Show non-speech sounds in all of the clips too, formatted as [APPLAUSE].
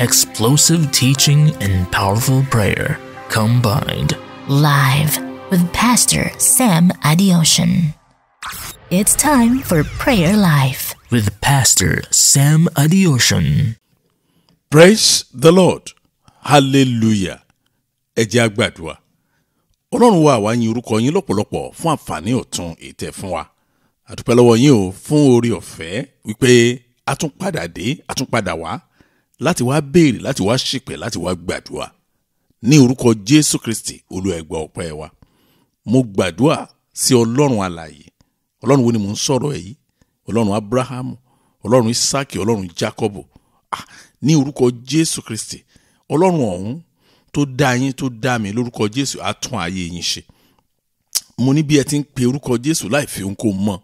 explosive teaching and powerful prayer combined. Live with Pastor Sam Adiocean. It's time for Prayer Life with Pastor Sam Adiocean. Praise the Lord. Hallelujah. Ẹ jẹ́ a gbàdúrà. Ọlọ́run wa àwa yin orúkọ yín lọ́pọ̀lọpọ̀ fún àǹfààní ọ̀tun ètè fún wa. Àdúpẹ́ lọ́wọ́ yín o fún oore ọ̀fẹ́ wípé a dé a wá láti wá béèrè láti wá ṣìpẹ̀ láti wá gbàdúrà ní orúkọ jésù kristi olúwa ẹ gbà ọpẹ́ wa mo gbàdúrà sí ọlọ́run alààyè ọlọ́run wo ni mò ń sọ̀rọ̀ èyí ọlọ́run abrahamu ọlọ́run isaki ọlọ́run jacobo ah ní orúkọ jésù kristi ọlọ́run ọ̀hún tó dá yín tó dá mi lórúkọ jésù á tún ayé yín ṣe mo ní bí ẹ ti ń pe orúkọ jésù láì fi ohun kó mọ̀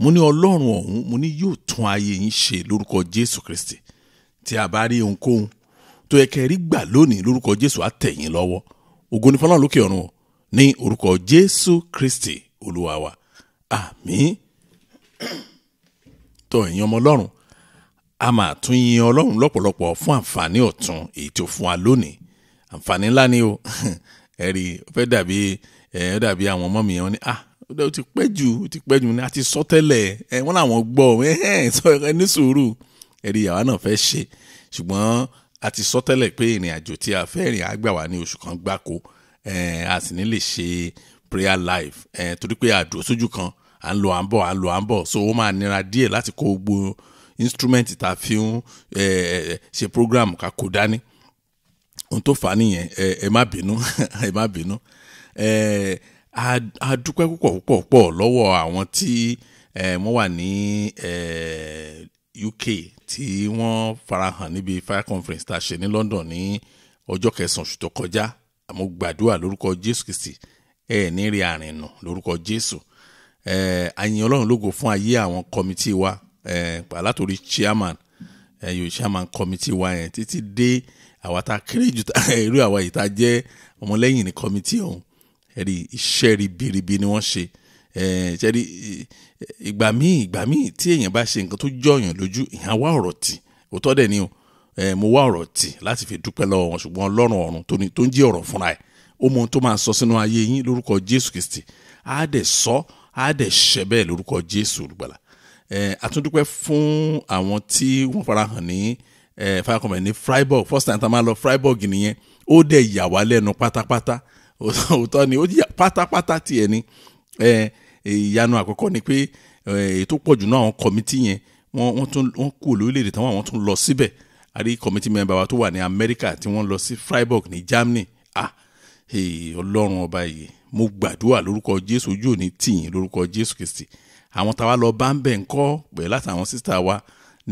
mo ní ọlọ́run ọ̀hún mo ní yóò tún ayé yín ṣe lórúkọ jésù kristi tí a bá rí ohunkóhun tó yẹ kẹrí gbà lónìí lórúkọ jésù á lọ́wọ́ ògo ni fọlọ́run lókè ọ̀run ní orúkọ jésù kristi olúwa wa àmín [CLEARS THROAT] tọ ẹ̀yin ọmọ ọlọ́run a máa tún yin ọlọ́run lọ́pọ̀lọpọ̀ fún àǹfààní ọ̀tun èyí tó fún wa lónìí àǹfààní ńlá ni o [LAUGHS] ẹ̀rí ó fẹ́ dàbí ẹ̀ ó dàbí àwọn ọmọ mi wọn ni ah ó ti pẹ́ jù ó ti pẹ́ jù ni a ti sọ tẹ́lẹ̀ ẹ̀ wọ́n làwọn gbọ́ ẹ̀ ẹ̀ sọ ẹ̀ ní sùúrù ẹ̀rí àwa náà fẹ́ ṣe ṣùgbọ́n a ti sọ tẹ́lẹ̀ pé ìrìn àjò tí a fẹ́ rìn á wá ní oṣù kan gbáko a sì ní lè ṣe prayer life torí pé àdúró sójú kan à ń lọ à ń bọ̀ à ń lọ à ń bọ̀ so ó máa nira díẹ̀ láti kó gbogbo instrument tá a fi ń ṣe program ká kó dání ohun tó fà á nìyẹn [LAUGHS] ẹ má bínú ẹ má bínú a dúpẹ́ púpọ̀ púpọ̀ púpọ̀ lọ́wọ́ àwọn tí wọ́n wà ní UK tí wọ́n farahàn níbi fire conference tá a ṣe ní London ní ọjọ́ kẹsàn-án oṣù tó kọjá àmọ́ gbàdúrà lórúkọ Jésù Kristi ẹ ní rí àrìnà lórúkọ Jésù ẹ àyìn Ọlọ́run lógo fún ayé àwọn kọmitì wa ẹ látòrí chairman ẹ yóò chairman kọmitì wa yẹn títí dé àwa tá a kéré jù [LAUGHS] irú àwa yìí tá a jẹ́ ọmọlẹ́yìn ní kọmitì ọ̀hún ẹ̀rí iṣẹ́ ribiribi ni wọ́n ṣe ẹ̀ẹ́dì ìgbà míì ìgbà míì tí èèyàn bá ṣe nǹkan tó jọyàn lójú ìyàn wá ọ̀rọ̀ tì òótọ́ dẹ̀ ni o mo wá ọ̀rọ̀ tì láti fi dúpẹ́ lọ́wọ́ wọn ṣùgbọ́n ọlọ́run ọ̀run tó ń jẹ́ ọ̀rọ̀ fúnra ẹ̀ ó mọ ohun tó máa sọ sínú ayé yín lórúkọ jésù kristi á dẹ̀ sọ á dẹ̀ ṣẹ bẹ́ẹ̀ lórúkọ jésù olùgbàlà a fún àwọn tí wọ́n farahàn ní farakọ̀mẹ̀ ní Freiburg first time tá a máa lọ Freiburg nìyẹn ó dẹ̀ yà wá lẹ́nu pátápátá òótọ́ ni ó yà pátápátá tiẹ̀ ni ìyanu àkọ́kọ́ ni pé eh, èyí tó pọ̀jù náà àwọn kọ̀mítì yẹn wọ́n tún wọ́n kú lórílẹ̀‐èdè tán wọ́n tún lọ síbẹ̀ àrí kọ̀mítì mẹ́mbà wa tó wà ní Amẹ́ríkà tí wọ́n lọ sí Freiburg ní Germany ah ọlọ́run ọba yìí mo gbàdúrà lórúkọ Jésù ojú òní tìyìn lórúkọ Jésù Kristi àwọn táwa lọ bá ń bẹ̀ ń kọ́ pẹ̀lú àtàwọn sísítà wa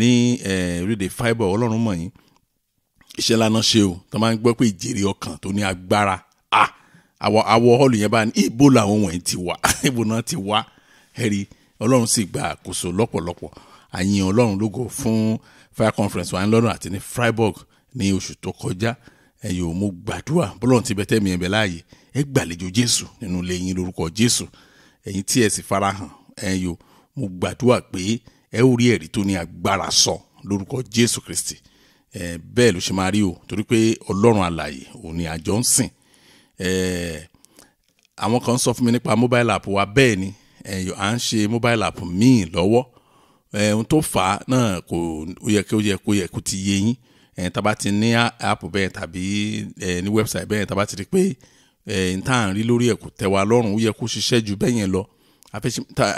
ní eh, orílẹ̀-èdè Freiburg ọlọ́run mọ̀ yín iṣẹ́ lánàá ṣe o tó máa ń gbọ́ pé ìjèrè ọkàn tó ní agbára ah àwọ àwọ họ́ọ̀lù yẹn bá ní ibo làwọn wọ̀nyí ti wá [LAUGHS] ibo náà ti wá ẹ̀rí ọlọ́run sì gba àkóso lọ́pọ̀lọpọ̀ àyìn ọlọ́run lógo fún fire conference wa ní london àti ní freiburg ní oṣù tó kọjá ẹ̀yọ́ mo gbàdúrà bọ́lọ́run ti bẹ́tẹ́ mi ẹ̀bẹ̀ láàyè ẹ gbàlejò jésù nínú ilé yín lórúkọ jésù ẹ̀yin tí ẹ sì farahàn ẹ̀yọ́ mo gbàdúrà pé ẹ ó rí ẹ̀rí tó ní agbára sọ lórúkọ jésù kristi bẹ́ẹ̀ ló ṣe máa rí o torí pé ọlọ́run alààyè òun ni àjọ ń sìn Eh, àwọn kan sọ fún mi nípa mobile app wa bẹ́ẹ̀ ni eh, à ń ṣe mobile app míì lọ́wọ́ eh, ohun tó fà á náà kò yẹ kó yẹ kó yẹ kó ti yé yín taba ti ní app bẹ́ẹ̀ tàbí ní website bẹ́ẹ̀ taba ti rí pé n tá à ń rí lórí ẹ̀ kò tẹ́ wa lọ́rùn ó yẹ kó ṣiṣẹ́ ju bẹ́ẹ̀ yẹn lọ a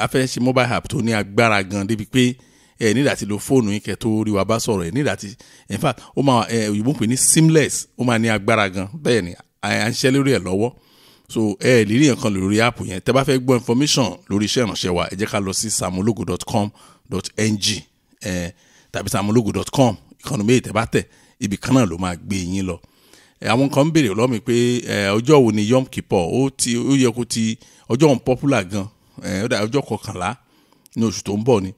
fẹ́ ṣe mobile app tó ní agbára gan débi pé ẹ nígbà tí lo fóònù yín kẹ tó rí wa bá sọ̀rọ̀ ẹ nígbà tí in fact ó máa ẹ òyìnbó pè ní seamless ó máa ní agbára gan bẹ́ẹ̀ ni à ń ṣiṣẹ́ lórí ẹ̀ lọ́wọ́ so ẹ eh, lè rí nǹkan lórí app yẹn tẹ́ bá fẹ́ gbọ́ information lórí iṣẹ́ ìrànṣẹ́ wa ẹ jẹ́ ká lọ sí samologo.com.ng eh, tàbí samologo.com ìkànnì méjì tẹ́ bá tẹ̀ ibì kan náà ló máa gbé yín lọ àwọn kan ń béèrè lọ́wọ́ mi pé ọjọ́ wo ni yom kippur ó ti ó yẹ kó ti ọjọ́ òun popular gan ọjọ́ kọkànlá ní oṣù tó ń bọ̀ ni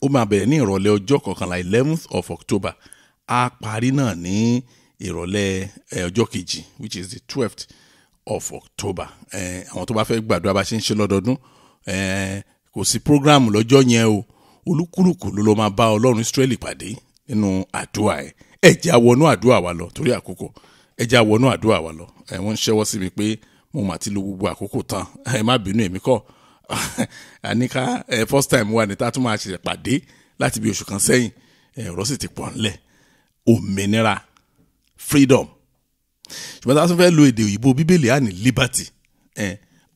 ó máa bẹ̀rẹ̀ ní ìrọ̀lẹ́ ọjọ́ kọkànlá eleventh of October a parí náà ní ìrọ̀lẹ́ ọjọ́ kejì which is the twelfth of October àwọn tó bá fẹ́ gbàdúrà bá ṣe ń ṣe lọ́dọọdún kò sí program lọ́jọ́ yẹn o olúkúlùkù ló lọ́ máa bá ọlọ́run Ísírẹ́lì pàdé nínú àdúrà ẹ̀ ẹ̀ jẹ́ àwọnú àdúrà wa lọ torí àkókò ẹ já wọnú àdúrà wa lọ ẹ wọn ń ṣẹ́wọ́ sí mi pé mo mà ti lo gbogbo àkókò tán ẹ má bínú èmi kọ́ àníká [LAUGHS] ẹ first time wa ni tá a tún máa ṣe pàdé láti bí oṣù kan sẹ́yìn ẹ ọ̀rọ̀ sì ti pọ̀ ńlẹ̀ òmìnira freedom ṣùgbọ́n tá a tún fẹ́ lo èdè òyìnbó bíbélì á ní liberty ẹ̀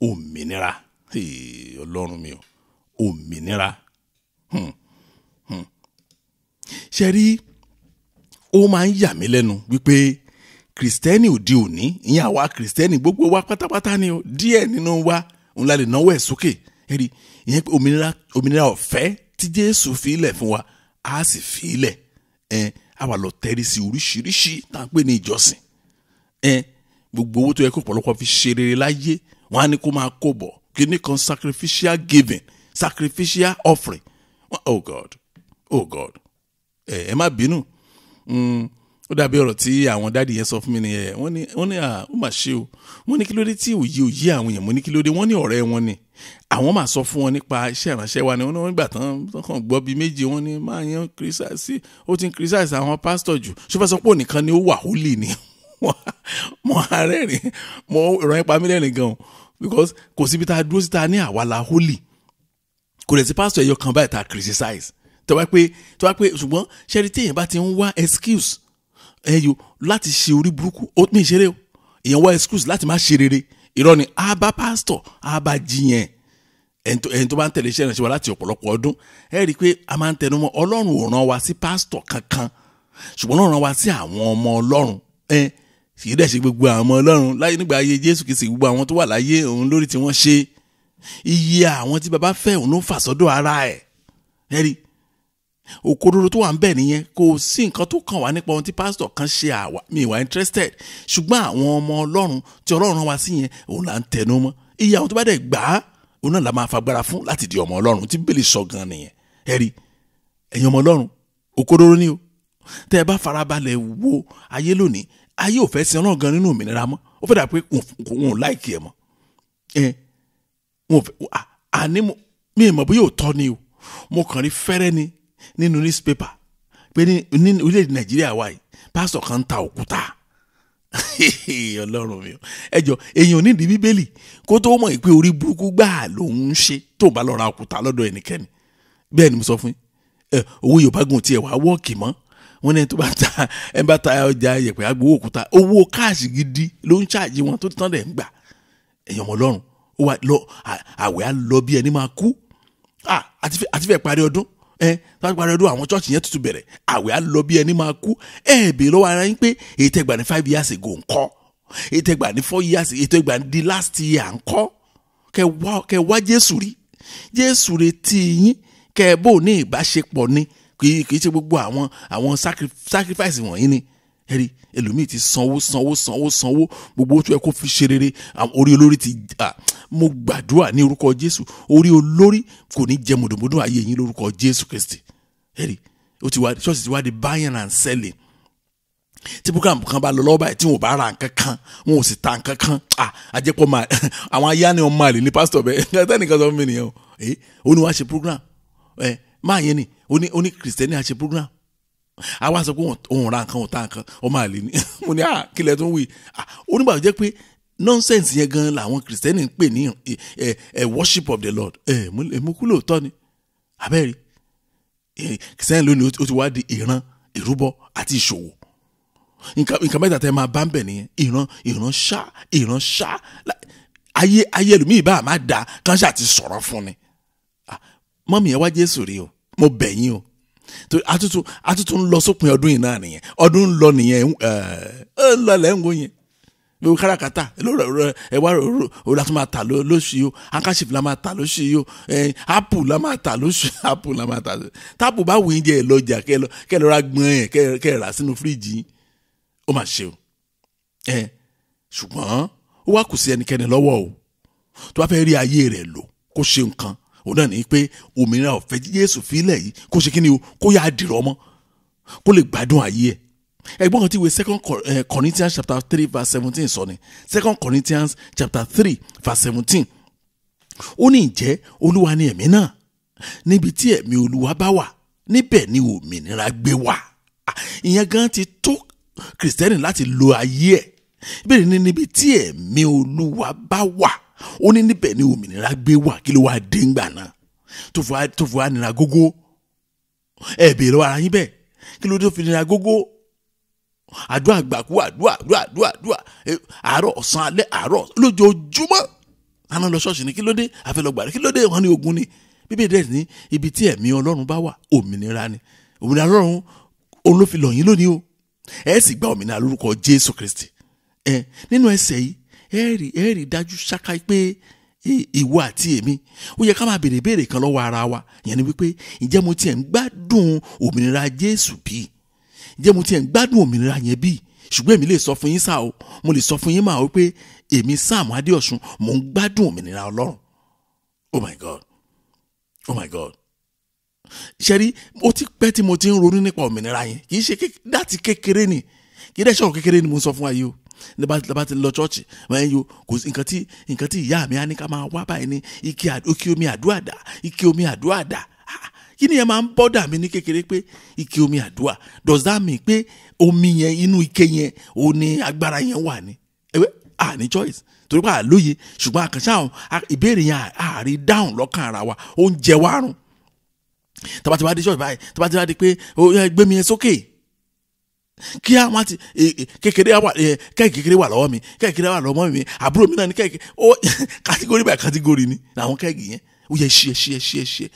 òmìnira ọlọ́run mi ò òmìnira hmm, hmm. ṣe rí ó máa ń yà mí lẹ́nu wípé kìrìsìtẹ́nì òde òní ìyẹn àwa kìrìsìtẹ́nì gbogbo wa pátápátá ni o díẹ̀ nínú wa òun la lè náwó ẹ̀ sókè ẹ̀rí ìyẹn pé òmìnira òmìnira ọ̀fẹ́ tí Jésù fi ilẹ̀ fún wa á sì fi ilẹ̀ ẹ̀ àwa lọ tẹ́rí sí oríṣiríṣi tá à ń pè ní ìjọsìn ẹ gbogbo owó tó yẹ kó ọ̀pọ̀lọpọ̀ fi ṣe rere láyé wọn á ní kó máa kó bọ̀ kíní kan sacrificial giving sacrificial offering oh God oh God ẹ ẹ má bínú. Hmm, ó dàbí ọ̀rọ̀ tí àwọn dáàdì yẹn sọ fún mi nìyẹn wọ́n ní wọ́n ní ó mà ṣe o wọ́n ní kí ló dé tí òye òye àwọn èèyàn mo ní kí ló dé wọ́n ní ọ̀rẹ́ wọn ni àwọn máa sọ fún wọn nípa iṣẹ́ ìránṣẹ́ wa ni wọ́n ní wọ́n gbà tán kàn gbọ́ bíi méje wọ́n ní máa yan kírísàsì ó ti ń kírísàsì àwọn pásítọ̀ jù ṣùgbọ́n sọ ni ó wà hólì ni [LAUGHS] mo arẹ́rìn mo ràn ipa mi gan because kò síbi tá a dúró síta ní àwa la hólì kò lè sí pásítọ̀ ẹ̀yọ kan báyìí tá a criticize tó wá pé tó wá pé ṣùgbọ́n ṣẹ́ni tí bá ti ń wá excuse ẹyọ láti ṣe orí burúkú ó mi ṣeré o èèyàn wá excuse láti má ṣe rere irọ́ ni a pastor. pásítọ̀ a bá jiyàn ẹni tó bá ń tẹ̀lé iṣẹ́ ìrìnsẹ̀ wa láti ọ̀pọ̀lọpọ̀ ọdún ẹ rí i pé a máa ń tẹnu mọ́ ọlọ́run ò rán wa sí pásítọ̀ kankan ṣùgbọ́n ó rán wa sí àwọn ọmọ ọlọ́run ẹ kì í dẹ̀ ṣe gbogbo àwọn ọmọ ọlọ́run láyé nígbà ayé jésù kìí ṣe gbogbo àwọn tó wà láyé òun lórí tí wọ́n ṣe iye àwọn tí baba fẹ́ òun ló fà sọ́dọ̀ ara ẹ̀ ẹ rí i òkodoro tó wà ń bẹ̀ nìyẹn kò sí nǹkan tó kàn wá nípa ohun tí pásítọ̀ kan ṣe àwa mi ìwà interested ṣùgbọ́n àwọn ọmọ ọlọ́run tí ọlọ́run wá sí yẹn òun là ń tẹnu mọ́ iye àwọn tó bá dẹ̀ gbà á òun náà la máa fagbára fún láti di ọmọ ọlọ́run tí bíbélì sọ gan nìyẹn ẹ rí ẹ̀yin ọmọ ọlọ́run òkodoro ni o tẹ́ ẹ bá farabalẹ̀ wo ayé lónìí ayé ò fẹ́ sin ọlọ́run gan nínú òmìnira mọ́ ó fẹ́ dà mi ìmọ̀ bóyá mo kàn rí fẹ́rẹ́ ni nínú newspaper pé ní orílẹ̀-èdè nàìjíríà wa yìí pásítọ̀ kan ń ta òkúta [LAUGHS] ọlọ́run mi ẹ jọ èèyàn nídìí bíbélì kó tó mọ̀ pé orí burúkú gbáà lòun ń ṣe tó bá lọ òkúta lọ́dọ̀ ẹnikẹ́ni bẹ́ẹ̀ ni mo sọ fún yín owó yorùbá gùn tiẹ̀ wá wọ́ọ̀kì mọ́ wọn ní ẹni tó bá ta ẹni bá ta ọjà yẹ̀pẹ̀ agbowó òkúta owó káàsì gidi ló ń ṣáàjì wọn tó tán dẹ̀ ń gbà èèyàn ọmọ ọlọ́run àwẹ̀ á lọ bí ẹni máa kú àti fẹ́ parí ọdún ẹ lágbára ẹdún àwọn church yẹn tuntun bẹ̀rẹ̀ àwẹ̀ á lọ bí ẹni máa kú ẹ bèè lọ́wọ́ ara yín pé èyí tẹ́ gbà ní five years ago ńkọ́ èyí tẹ́ gbà ní four years èyí tẹ́ gbà ní the last year ńkọ́ kẹ wá kẹ wá jésù rí jésù retí yín kẹ bó ní ìbáṣepọ̀ ni kì í ṣe gbogbo àwọn àwọn sacrifice wọ̀nyí ni ẹ̀rí ẹlòmíì ti sanwó sanwó sanwó sanwó gbogbo tó yẹ kó fi ṣe rere orí olórí ti mo gbàdúrà ní orúkọ jésù orí olórí kò ní jẹ mọ̀dọ̀mọ̀dọ̀ ayé yín lórúkọ jésù kristi ẹ̀rí ó ti wá ṣọ́ọ̀ṣì ti wá di buying and selling tí program kan bá lọ lọ́wọ́ báyìí tí wọn ò bá ra nǹkan kan wọn ò sì ta nǹkan kan àjẹpọ̀ máa [LAUGHS] àwọn ayá ni wọn máa ní pásítọ̀ bẹ́ẹ̀ tẹ́nìkan [LAUGHS] sọ fún mi nìyẹn o ẹ ó ní wàá ṣe program ẹ máa yẹn ni ó ní ó ní kìrìsìtẹ́nì àṣẹ program àwa sọ pé òun ra nǹkan òun ta nǹkan ọmọ àlè ni [LAUGHS] mo ní à kílẹ̀ tó ń wí onígbà tó jẹ́ pé nonsense yẹn gan làwọn Christian ń pè ní eh, eh, eh, worship of the lord eh. lóòótọ́ ni abẹ́rẹ́ kìrìsìtẹ́nì lónìí ó ti wá di ìran ìrúbọ àti ìṣòwò nǹkan mẹ́ta tẹ́ máa bá ń bẹ̀ nìyẹn ìran ìran ṣá ìran ṣá ayé ayé ẹlòmíì bá a máa da kan ṣáà ti sọ̀rọ̀ fún ni mọ́mí ẹ wá jésù rí o mo bẹ̀ yín o àtútù àtútù ń lọ sópin ọdún yìí náà nìyẹn ọdún ń lọ nìyẹn ń lọ lẹ́ yẹn lórí káràkátà ẹwà òru la tún máa tà lóṣù yìí o handkerchief la máa tà lóṣù yìí o apple la máa tà lóṣù [LAUGHS] apple la máa tà lóṣù táàpù bá wù í lọjà kẹ lọ ra ẹ kẹ rà sínú fíríjì ó mà ṣe o ẹ ṣùgbọ́n ó wá kù sí ẹnikẹ́ni lọ́wọ́ o tó bá fẹ́ rí ayé rẹ̀ lò kó ṣe nǹkan òun náà ní pé òmìnira ọ̀fẹ́ Jésù fílẹ̀ yìí kó ṣe kí ni o kó yá dìrọ̀ ọmọ kó lè gbádùn ayé ẹ̀ ẹgbọ́n kan ti wé second eh, corinthians chapter three verse seventeen sọ ni second corinthians chapter three verse seventeen ó ní ìjẹ́ olúwa ni ẹ̀mí náà níbi tí ẹ̀mí olúwa bá wà níbẹ̀ ni òmìnira gbé wà ìyẹn gan ti tó kìrìsìtẹ́nì láti lo ayé ẹ̀ ìbéèrè ni níbi tí ẹ̀mí olúwa bá wà ó ní níbẹ̀ ni òmìnira gbé wà kí ló wá dé ńgbà náà tó fò nira gógó ẹ̀ bèèrè ara yín bẹ́ẹ̀ kí ló dé fi nira gógó àdúrà gbàkú àdúrà àdúrà àdúrà àdúrà àárọ̀ ọ̀sán alẹ́ àárọ̀ lójoojúmọ́ àná lọ ṣọ́ọ̀ṣì ní kí ló dé àfẹlọgbàrẹ kí ló dé wọn ní ogun ni bíbélì dẹ̀ ní ibi tí ẹ̀mí ọlọ́run bá wà òmìnira ni òmìnira ọlọ́run òun yín lónìí o ẹ sì gba òmìnira lórúkọ jésù kristi ẹ nínú ẹsẹ̀ yìí ẹ rí ẹ rí dájú ṣáká pé ìwọ àti èmi ó yẹ ká máa béèrè béèrè kan lọ́wọ́ ara wa ìyẹn ni wípé ǹjẹ́ mo tiẹ̀ ń gbádùn òmìnira jésù bíi ǹjẹ́ mo tiẹ̀ ń gbádùn òmìnira yẹn bíi ṣùgbọ́n èmi lè sọ fún yín sáà o mo lè sọ fún yín máa wípé èmi Sam Adéọ̀sùn mò ń gbádùn òmìnira Ọlọ́run oh my god oh my god ṣẹ́rí ó ti pẹ́ tí mo ti ń ronú nípa òmìnira yẹn kì í ṣe láti kékeré ni kì í dẹ́ sọ̀rọ̀ kékeré ni mo ń sọ fún wa yìí o nígbà tí lọ chọ́ọ̀chì wọ́n yóò kò sí nǹkan tí nǹkan tí ìyá mi á ní ká máa wá báyìí ní ike omi àdúrà dà ike omi àdúrà kí ni ẹ máa ń bọ́dà mi ní kékeré pé ike omi àdúrà does that mean pé omi yẹn inú ike yẹn ò ní agbára yẹn wà ní ẹwẹ́ àní choice torí pé àlóye ṣùgbọ́n àkànṣe àwọn ìbéèrè yẹn àárí dáhùn lọ́kàn ara wa ó ń jẹ wá rùn tàbá ti wá church báyìí tàbá ti wá di pé gbé mi yẹn sókè kí á wá ti e, e, kékeré wà e, kẹ́kẹ́ kékeré wà lọ́wọ́ mi kẹ́kẹ́ wà lọ́wọ́ mi àbúrò mi náà ni kẹ́kẹ́ ó kàtígórì báyìí kàtígórì ni làwọn kẹ́kẹ́ yẹn ó yẹ ṣí ẹ ṣí ẹ ṣí ẹ ṣí ẹ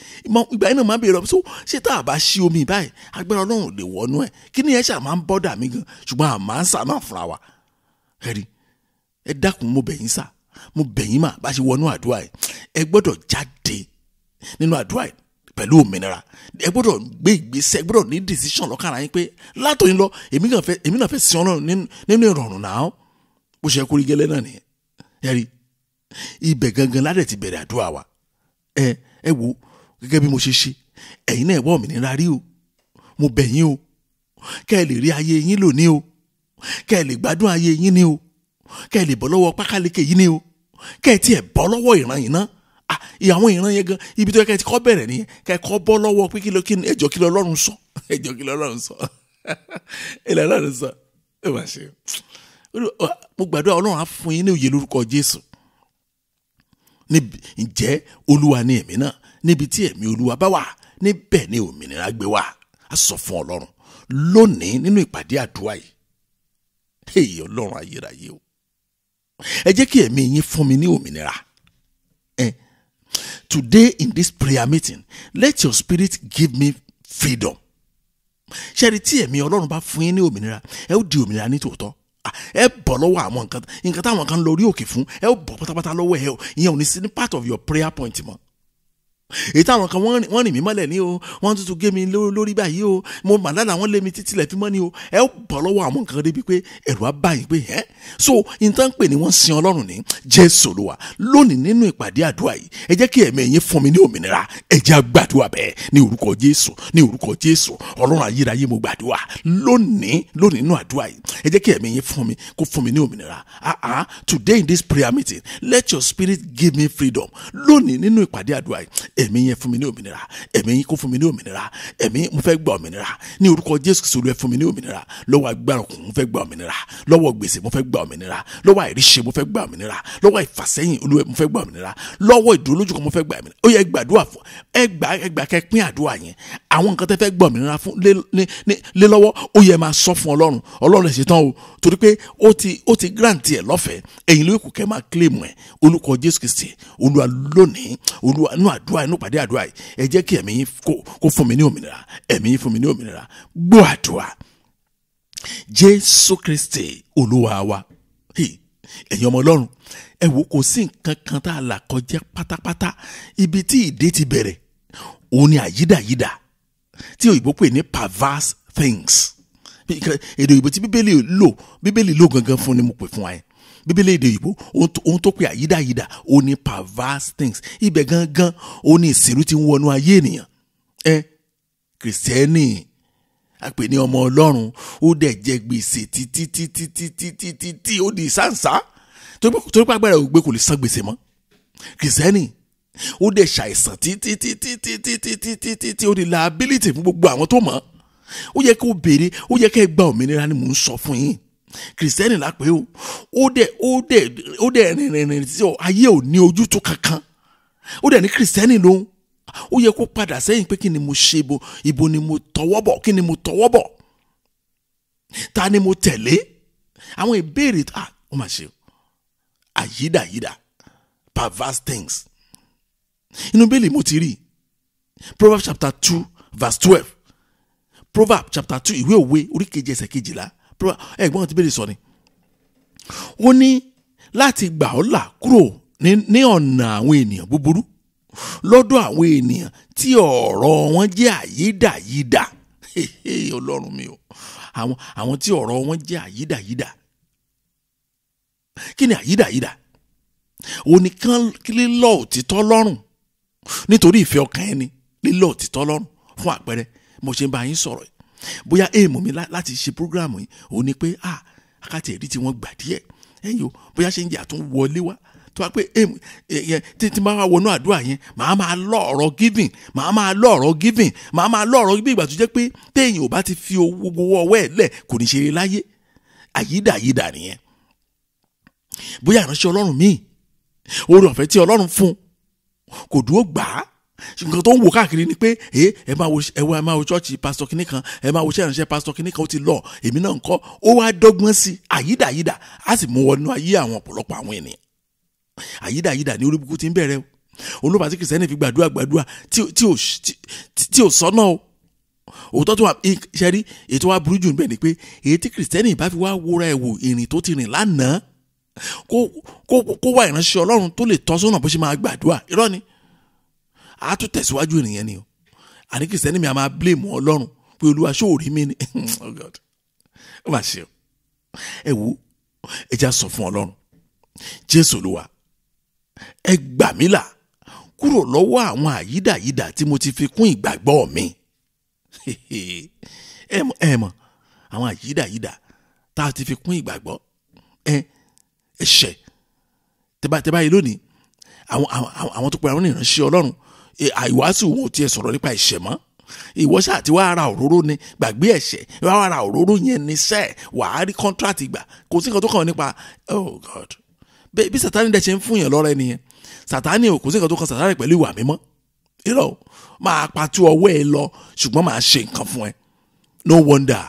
ìgbà yẹn náà máa bèèrè ọ̀pọ̀ ṣé tá a bá ṣí omi báyìí agbára ọlọ́run lè wọnú ẹ̀ kí ni ẹ ṣáà máa ń bọ́dà mí gan ṣùgbọ́n à máa ń sà náà fúnra wa ẹ rí ẹ dákun mo bẹ̀ sà mo bẹ̀ mà bá ṣe wọnú àdúrà ẹ ẹ gbọ́dọ̀ jáde nínú àdúrà ẹ pẹ̀lú òmìnira ẹ gbọ́dọ̀ gbé ìgbésẹ̀ ẹ gbọ́dọ̀ ní decision lọ́kàrà yín pé látòyìn lọ èmi náà fẹ́ sin ọlọ́run nínú ìrọ̀rùn náà bó ṣe kórìí gẹ́lẹ́ náà nìyẹn ẹ rí ẹ ẹ wò gẹ́gẹ́ bí mo ṣe ṣe ẹ̀yin náà wọ òmìnira rí o mo bẹ̀ yín o kẹ́ ẹ lè rí ayé yín lò ní o kẹ́ ẹ lè gbádùn ayé yín ní o kẹ́ ẹ lè bọ́ lọ́wọ́ pákáleke yín ní o kẹ́ ẹ tiẹ̀ bọ́ lọ́wọ́ ìran yìí ná àwọn ìran yẹn gan ibi tó yẹ kẹ́ ẹ ti kọ́ bẹ̀rẹ̀ nìyẹn kẹ́ ẹ kọ́ bọ́ lọ́wọ́ pé kí ló kí ẹjọ́ kí lọ́rùn sọ [LAUGHS] ẹjọ́ kí lọ́rùn sọ ẹlẹ́rọ̀ [LAUGHS] sọ ẹ má ṣe mo gbàdúrà ọlọ́run á fún yín ní òye lórúkọ Jésù níbi ǹjẹ́ olúwa ni èmi náà níbi tí ẹ̀mí olúwa bá wà níbẹ̀ ni òmìnira gbé wà á sọ fún ọlọ́run lónìí nínú ìpàdé àdúrà yìí èyí ọlọ́run ayérayé o ẹ jẹ́ kí ẹ̀mí yín fún mi ní òmìnira today in this prayer meeting let your spirit give me freedom ṣẹ́ni tí ẹ̀mí ọlọ́run bá fún yín ní òmìnira ẹ ó di òmìnira ní tòótọ́ Ah, ẹ bọ̀ lọ́wọ́ àwọn nǹkan nǹkan táwọn kan lórí òkè fún ẹ bọ̀ pátápátá lọ́wọ́ ẹ o ìyẹn ò ní sí ní part of your prayer point mọ́ èyí táwọn kan wọ́n rìn mí mọ́lẹ̀ ní o wọ́n tuntun gé mi lórí báyìí o mo mà lálẹ́ àwọn lé mi títí lẹ̀ mọ́ ni o ẹ ó bọ̀ lọ́wọ́ àwọn nǹkan débi pé ẹ̀rù á báyìí pé ẹ́ so nǹkan pè ní wọ́n sin ọlọ́run ní jésù olúwa lónìí nínú ìpàdé àdúrà yìí ẹ jẹ́ kí ẹ̀mí ẹ̀yin fún mi ní òmìnira ẹ jẹ́ àgbàdua bẹ́ẹ̀ ní orúkọ jésù ní orúkọ jésù ọlọ́run ayérayé mo gbàdúrà lónìí lónìí nínú àdúrà yìí ẹ jẹ́ kí ẹ̀mí ẹ̀yin fún mi kó ah ah today in this prayer meeting let your spirit give me freedom lónìí nínú ìpàdé àdúrà yìí ẹ̀mí yẹn fún mi ní òmìnira ẹ̀mí yín kó fún mi ní òmìnira ẹ̀mí mo fẹ́ gba òmìnira ní orúkọ jésù kìsìlú ẹ fún mi ní òmìnira lọ́wọ́ agbára òkun mo fẹ́ gba òmìnira lọ́wọ́ gbèsè mo fẹ́ gba òmìnira lọ́wọ́ àìríṣe mo fẹ́ gba òmìnira lọ́wọ́ ìfàsẹ́yìn olúwa mo fẹ́ gba òmìnira lọ́wọ́ ìdúrólójú kan mo fẹ́ gba òmìnira ó yẹ gbàdúrà fún ẹ gbà kẹ pín àdúrà yẹn àwọn nǹkan tẹ fẹ́ gba òmìnira fún lé lọ́wọ́ ó yẹ máa sọ fún ọlọ́run ọlọ́run ẹ̀sìn tán o torí pé ó ti ó ti grant ẹ̀ lọ́fẹ̀ẹ́ ẹ̀yin ló kù kẹ́ máa claim ẹ̀ olùkọ́ jésù kristi olúwa lónìí olúwa nù àdúrà nínú pàdé àdúrà yìí ẹ jẹ́ kí ẹ̀mí kó fún mi ní òmìnira ẹ̀mí fún mi ní òmìnira gbọ́ àdúrà jésù kristi olúwa wa ẹ̀yin ọmọ ọlọ́run ẹ wo kò sí nǹkan kan tá a là kọjá pátápátá ibi tí ìdè ti bẹ̀rẹ̀ òun ni àyídàyídà tí òyìnbó pè ní perverse things èdè òyìnbó tí bíbélì lò bíbélì lò gangan fún ni mo pè fún wa yẹn bíbélì èdè òyìnbó ohun tó pe àyídáyídá ó ní perverse things ibẹ̀ gangan ó ní ìsìrú tí ń wọnú ayé ènìyàn ẹ kìrìsìtẹ́nì àpè ní ọmọ ọlọ́run ó dẹ̀ jẹ gbèsè títí títí títí títí tí ó di sáǹsá torí pé agbára ògbé kò lè san gbèsè mọ́ kìrìsìtẹ́nì ó dẹ̀ ṣàìsàn títí títí títí títí títí tí ó di liability fún gbogbo àwọn tó mọ̀ ó yẹ kó béèrè ó yẹ kẹ́ gba òmìnira ni mò ń sọ fún yín kìrìsìtẹ́nì la pé o ó dẹ̀ ó dẹ̀ ó dẹ̀ rìnrìnrìn sí ọ ayé ò ní ojútùú kankan ó dẹ̀ ní kìrìsìtẹ́nì lòun ó yẹ kó padà sẹ́yìn pé kí mo ṣe ibo ibo ni mo tọwọ́ kini mo tọwọ́ bọ̀ ta ni mo tẹ̀lé àwọn ìbéèrè ah ó mà ṣe àyídàyídà perverse things inú bẹ́ẹ̀lì mo ti rí proverbs chapter two verse twelve proverbs chapter two ìwé òwe orí keje ẹsẹ̀ kejìlá ẹ̀gbọ́n ti bèrè sọ ni ó ní láti gbà ọ́ là kúrò ní ọ̀nà àwọn ènìyàn búburú lọ́dọ̀ àwọn ènìyàn tí ọ̀rọ̀ wọn jẹ́ àyídàyídà ọlọ́run mi o àwọn àwọn tí ọ̀rọ̀ wọn jẹ́ àyídàyídà kí ni àyídàyídà oníkan lílọ òtítọ́ lọ́rùn nítorí ìfẹ́ ọkàn ẹni lílọ òtítọ́ lọ́rùn fún àpẹẹrẹ mo ṣe bá yín sọ̀rọ̀ bóyá èèmù mi láti ṣe program yìí òun ni pé ah akátì ẹ̀rí tí wọ́n gbà díẹ̀ ẹ̀yìn o bóyá ṣe ń jẹ́ àtún wọlé wá tó wá pé èèmù yẹn títí máa wọnú àdúrà yẹn màá máa lọ ọ̀rọ̀ giving màá máa lọ ọ̀rọ̀ giving màá máa lọ ọ̀rọ̀ bí ìgbà tó jẹ́ pé téèyàn ò bá ti fi owó ọwọ́ ẹ̀ lẹ̀ kò ní ṣe é láyé àyídàyídà nìyẹn bóyá ìránṣẹ́ ọlọ́run míì oore ọ̀fẹ́ tí ọlọ́run fún kò dúró gbàá nǹkan tó ń wò káàkiri ni pé ẹ ẹ máa wo ẹ wá máa wo ṣọ́ọ̀ṣì pásítọ̀ kìnìún kan ẹ máa wo ṣẹ́ránṣẹ́ pásítọ̀ kìnìún kan ó ti lọ èmi náà ń kọ́ ó wá dọ́gbọ́n sí àyídàyídà á sì mú wọnú ayé àwọn ọ̀pọ̀lọpọ̀ àwọn ènìyàn àyídàyídà ní oríbukú ti ń bẹ̀rẹ̀ o olùpàtí kìrìsìtẹ́nì fi gbàdúrà gbàdúrà tí ò sọ́nà o òótọ́ tó wà ṣe rí ètò wa burú jù níbẹ̀ ni pé èyí tí kìrìsìtẹ́nì bá fi wá wúra ẹ̀ wò ìrìn tó ti rìn lánàá kó wá ìránṣẹ́ ọlọ́run tó lè tọ́ sọ́nà bó ṣe máa gbàdúrà irọ́ ni a tún tẹ̀síwájú ènìyàn ni o àní kìsẹ́ni mi a máa blame ọlọ́run pé olúwa ṣó rí mi ni [LAUGHS] oh god ó mà ṣe o ẹ wo ẹ já sọ fún ọlọ́run jésù olúwa ẹ gbà mí là kúrò lọ́wọ́ àwọn àyídàyídà tí mo ti fi kún ìgbàgbọ́ mi [LAUGHS] ẹ mọ̀ ẹ mọ̀ àwọn àyídàyídà tá a ti fi kún ìgbàgbọ́ ẹ ẹ̀ṣẹ̀ tẹ́bá tẹ́bá yìí lónìí àwọn àwọn àwọn tó pe àwọn ìránṣẹ́ ọlọ́run àìwáṣù wọn ò tiẹ̀ sọ̀rọ̀ nípa ẹ̀ṣẹ̀ mọ́ ìwọ ṣáà ti wá ra òróró ni gbàgbé ẹ̀ṣẹ̀ wá ra òróró yẹn ni sẹ́ wàá rí kọ́ńtrátì gbà kò sí nǹkan tó kàn nípa oh god bí sàtánì dẹ̀ ṣe ń fún yẹn lọ́rẹ́ nìyẹn sàtánì ò kò sí nǹkan tó kàn sàtánì pẹ̀lú ìwà mímọ́ irọ́ máa patú ọwọ́ ẹ lọ ṣùgbọ́n máa ṣe nǹkan fún ẹ no wonder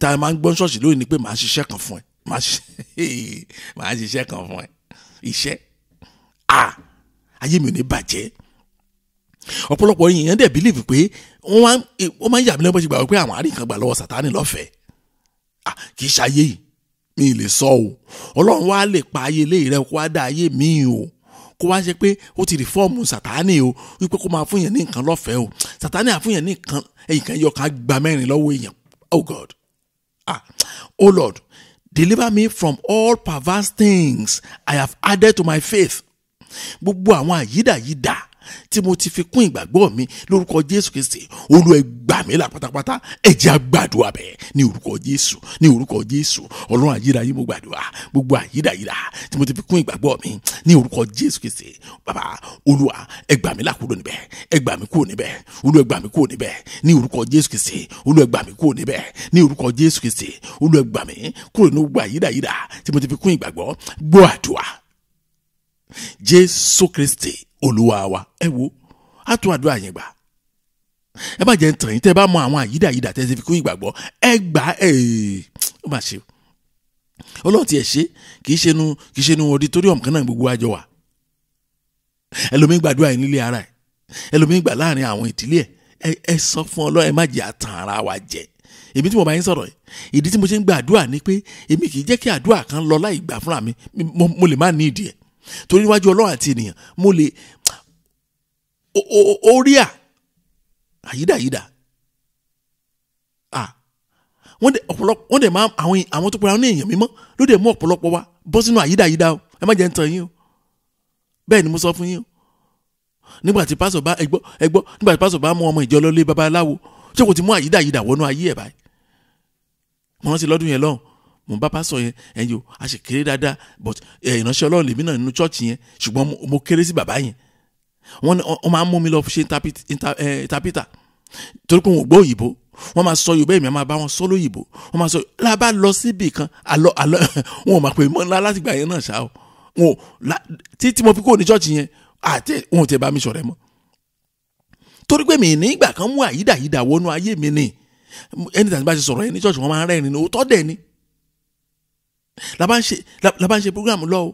tá a máa ń gbọ́n ṣọ́ọ̀ṣì ni pé máa ṣiṣẹ́ kan fún ẹ máa [LAUGHS] ṣiṣẹ́ kan fún ẹ iṣẹ́ ah ayé mi ò ní bàjẹ́ ọ̀pọ̀lọpọ̀ èèyàn dẹ̀ bílíìfù pé wọ́n máa ń yà mí lẹ́nu bó ṣe gbà wípé àwọn àríkàn gbà lọ́wọ́ sàtánì lọ́fẹ̀ẹ́ kì í ṣayé yìí mi lè sọ o ọlọ́run wá lè pa ayé ilé rẹ kó wá dá ayé mi o kó wá ṣe pé ó ti rìfọ́ọ̀mù sàtánì o wípé kó máa fún yẹn ní nǹkan lọ́fẹ̀ẹ́ o sàtánì àfúnyẹn ní nǹkan ẹ̀yìn kan yọ̀ọ̀ká gba mẹ́rin lọ́wọ́ èèyàn oh god ah oh lord deliver me from all perverse things i have added to my faith gbogbo àwọn àyídàyídà tí mo ti fi kún ìgbàgbọ́ mi lórúkọ jésù kristi olúwa ẹ gbà mí là pátápátá ẹ jẹ́ a gbàdúrà bẹ́ẹ̀ ní orúkọ jésù ní orúkọ jésù ọlọ́run àyíráyé mo gbàdúrà gbogbo àyíráyírá tí mo ti fi kún ìgbàgbọ́ mi ní orúkọ jésù kristi bàbá olúwa ẹ gbà mí là kúrò níbẹ̀ ẹ gbà mí kúrò níbẹ̀ olúwa ẹ gbà mí kúrò níbẹ̀ ní orúkọ jésù kristi olúwa ẹ gbà kúrò níbẹ̀ ní orúkọ jésù kristi olúwa ẹ gbà kúrò ní ti fi kún ìgbàgbọ́ gbọ́ àdúrà jésù kristi olúwa wa ẹ wo á tún àdúrà yẹn gbà ẹ bá jẹ́ ń tàn yín tẹ́ bá mọ àwọn àyídàyídà tẹ́ ti fi kún ìgbàgbọ́ ẹ gbà ẹ ó mà ṣe ọlọ́run tiẹ̀ ṣe kì í ṣe nu kì í ṣe nu auditorium kan náà gbogbo àjọ wa ẹlòmíín gbàdúrà yín nílé ara ẹ ẹlòmíín gbà láàrin àwọn ìdílé ẹ ẹ sọ fún ọlọ́run ẹ má jẹ́ àtàn ara wa jẹ èmi tí mo bá yín sọ̀rọ̀ ìdí tí mo ṣe ń gba ni pé èmi kì í jẹ́ kí àdúrà kan lọ láì gbà fúnra mi mo lè má ní ìdí ẹ̀ torí níwájú ọlọ́run àti ènìyàn mo lè orí à àyídàyídà wọ́n dẹ̀ ọ̀pọ̀lọpọ̀ wọ́n dẹ̀ máa àwọn àwọn tó pera ní èèyàn mímọ́ ló dẹ̀ mú ọ̀pọ̀lọpọ̀ wa bọ́ sínú àyídàyídà o ẹ má jẹ́ ń tàn yín o bẹ́ẹ̀ ni mo sọ fún yín o nígbà tí pásọ̀ bá ẹgbọ́ ẹgbọ́ nígbà tí pásọ̀ bá mú ọmọ ìjọ lọ́lé babaláwo ṣé kò ti mú àyídàyídà wọnú ayé ẹ̀ báyìí mo rántí lọ́dún yẹn lọ́hùn mo bá pásọ yẹn ẹyin o a sì kéré dáadáa but eh, ìránṣẹ́ ọlọ́run lèmi náà nínú chọ́ọ̀chì yẹn ṣùgbọ́n mo kéré sí bàbá yẹn wọ́n máa ń mú mi lọ ṣe eh, interpreter torí pé wọn ò gbọ́ òyìnbó wọ́n máa sọ yorùbá èmi máa bá wọn sọ lóyìnbó wọ́n máa sọ lábá lọ síbì kan àlọ àlọ [LAUGHS] wọn ò máa pè mọ ńlá láti gbà yẹn náà ṣá o wọn ò títí mo fi kúrò ní chọ́ọ̀chì yẹn àti wọn ò tẹ bá mi ṣọ̀rẹ́ mọ́ torí pé mi ní ìgbà kan mú àyídàyídà wọnú ayé mi ni ẹni tàbí bá ti sọ̀rọ̀ yẹn ní chọ́ọ̀chì wọn máa ń rẹ́rìn ní òótọ́ dẹ̀ ni làbá ń ṣe làbá ń ṣe programu lọ o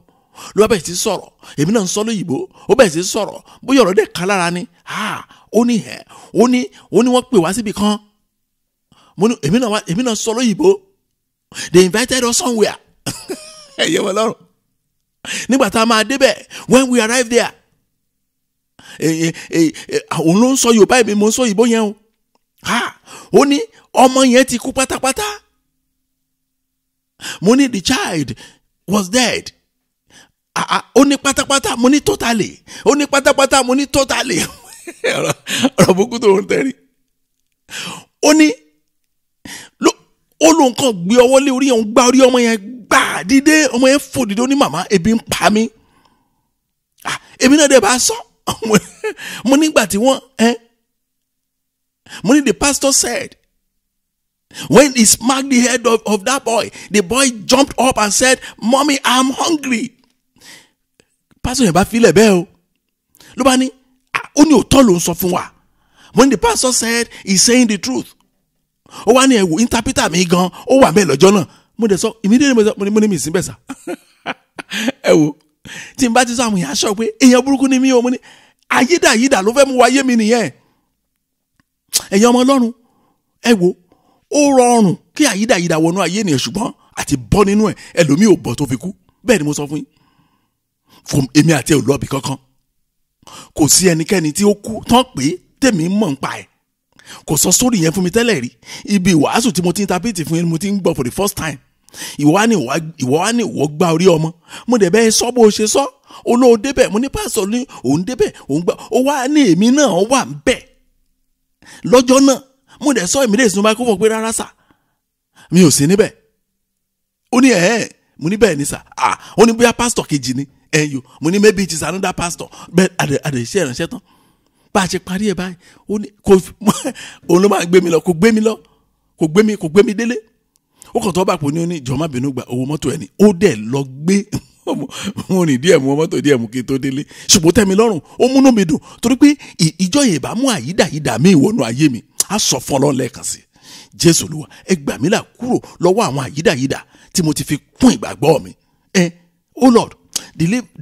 ló bá bẹ̀rẹ̀ sí sọ̀rọ̀ èmi náà ń sọ lóyìnbó ó bẹ̀rẹ̀ sí sọ̀rọ̀ bóyá ọ̀rọ̀ dẹ̀ ká ni ha ó ní ẹ̀ ó ní ó ní wọ́n pè wá síbi kan mo ní èmi náà èmi náà sọ lóyìnbó they invited us somewhere [LAUGHS] ẹ̀yẹ́ wọn lọ́rùn nígbà tá a máa débẹ̀ when we arrive there eh, eh, eh, òun ló ń sọ Yorùbá èmi mo ń sọ òyìnbó yẹn o ha ó ní ọmọ yẹn ti kú pátápátá mo ní the child was dead ó ní pátápátá mo ní totally ó ní pátápátá mo ní totally [LAUGHS] ọ̀rọ̀ burúkú tó ń tẹ̀rí ó ní ó lóun kàn gbé ọwọ́ lé orí yẹn gbá orí ọmọ yẹn gbà dídé ọmọ yẹn fò dídé ó ní màmá ebi ń pa mí èmi náà dẹ̀ bá sọ [LAUGHS] mo nígbà tí wọ́n mo ní the pastor said When he smacked the head of, of that boy, the boy jumped up and said, Mommy, I'm hungry. Pastor you bá filẹ̀ bẹ́ẹ̀ o. Ló bá ní, ah, When the pastor said, he's saying the truth. Ó wá ní ẹ̀wò interpreter mi gan, ó wà bẹ́ẹ̀ lọ́jọ́ náà. Mo dẹ̀ sọ, immediately mo ní mi sí bẹ́ẹ̀ sà. [LAUGHS] Ẹ wo, tí n bá ti sọ àwọn èèyàn aṣọ pé èèyàn burúkú ni mí o, mo ní ayédàyédà ló fẹ́ mú wáyé mi nìyẹn. Ẹ̀yin ó rọrùn kí àyídáyídá wọnú ayé ènìyàn ṣùgbọ́n àti bọ́ nínú ẹ̀ ẹlòmíì ò bọ́ tó fi kú bẹ́ẹ̀ ni mo sọ fún yín fún èmi àti ẹ̀ ò lọ́ọ̀bì kankan kò sí ẹnikẹ́ni tí ó kú tán pé tèmi mọ̀ ń pa ẹ̀ kò sọ sórí yẹn fún mi tẹ́lẹ̀ rí ibi ìwàásù tí mo ti ń tapẹ́tì fún yín ni mo ti ń gbọ́ for the first time ìwọ wá ní ìwọ gba orí ọmọ mo dẹ̀ bẹ́ẹ̀ sọ bó ṣe sọ olóò débẹ̀ mo ní pásọ ní òun débẹ̀ òun gbà ó wá ní èmi náà wà ń bẹ̀ lọ́jọ́ náà mo dẹ̀ sọ ìmílẹ̀ ìsinmi microphone pé rárá sà mi ò sí níbẹ̀ ó ní ẹ̀ẹ́ mo ní bẹ́ẹ̀ ni sà ah ó ní bóyá pásítọ̀ kejì ni ẹ̀yọ mo ní maybe it is another pastor bẹ́ẹ̀ àdè àdè iṣẹ́ ìránṣẹ́ tán bá a ṣe parí ẹ̀ báyìí ó ní kò [LAUGHS] òun ló máa gbé mi lọ kò gbé mi lọ kò gbé mi kò gbé mi délé ó kàn tó bá pò ní oní jọ̀ọ́ má bínú gba owó mọ́tò ẹ̀ ni ó dẹ̀ lọ gbé wọn [LAUGHS] ní díẹ̀ mú mọ́tò díẹ̀ mú kí n tó délé ṣùgbọ́n tẹ́mi lọ́rùn ó múnú mi dùn torí pé ìjọ yìí bá mú àyídàyídà mi ìwọ́nu ayé mi a sọ fún ọlọ́run lẹ́ẹ̀kan sí jésù olúwa ẹ gbà mí là kúrò lọ́wọ́ àwọn àyídàyídà tí mo ti fi kún ìgbàgbọ́ mi ẹ eh, oh lord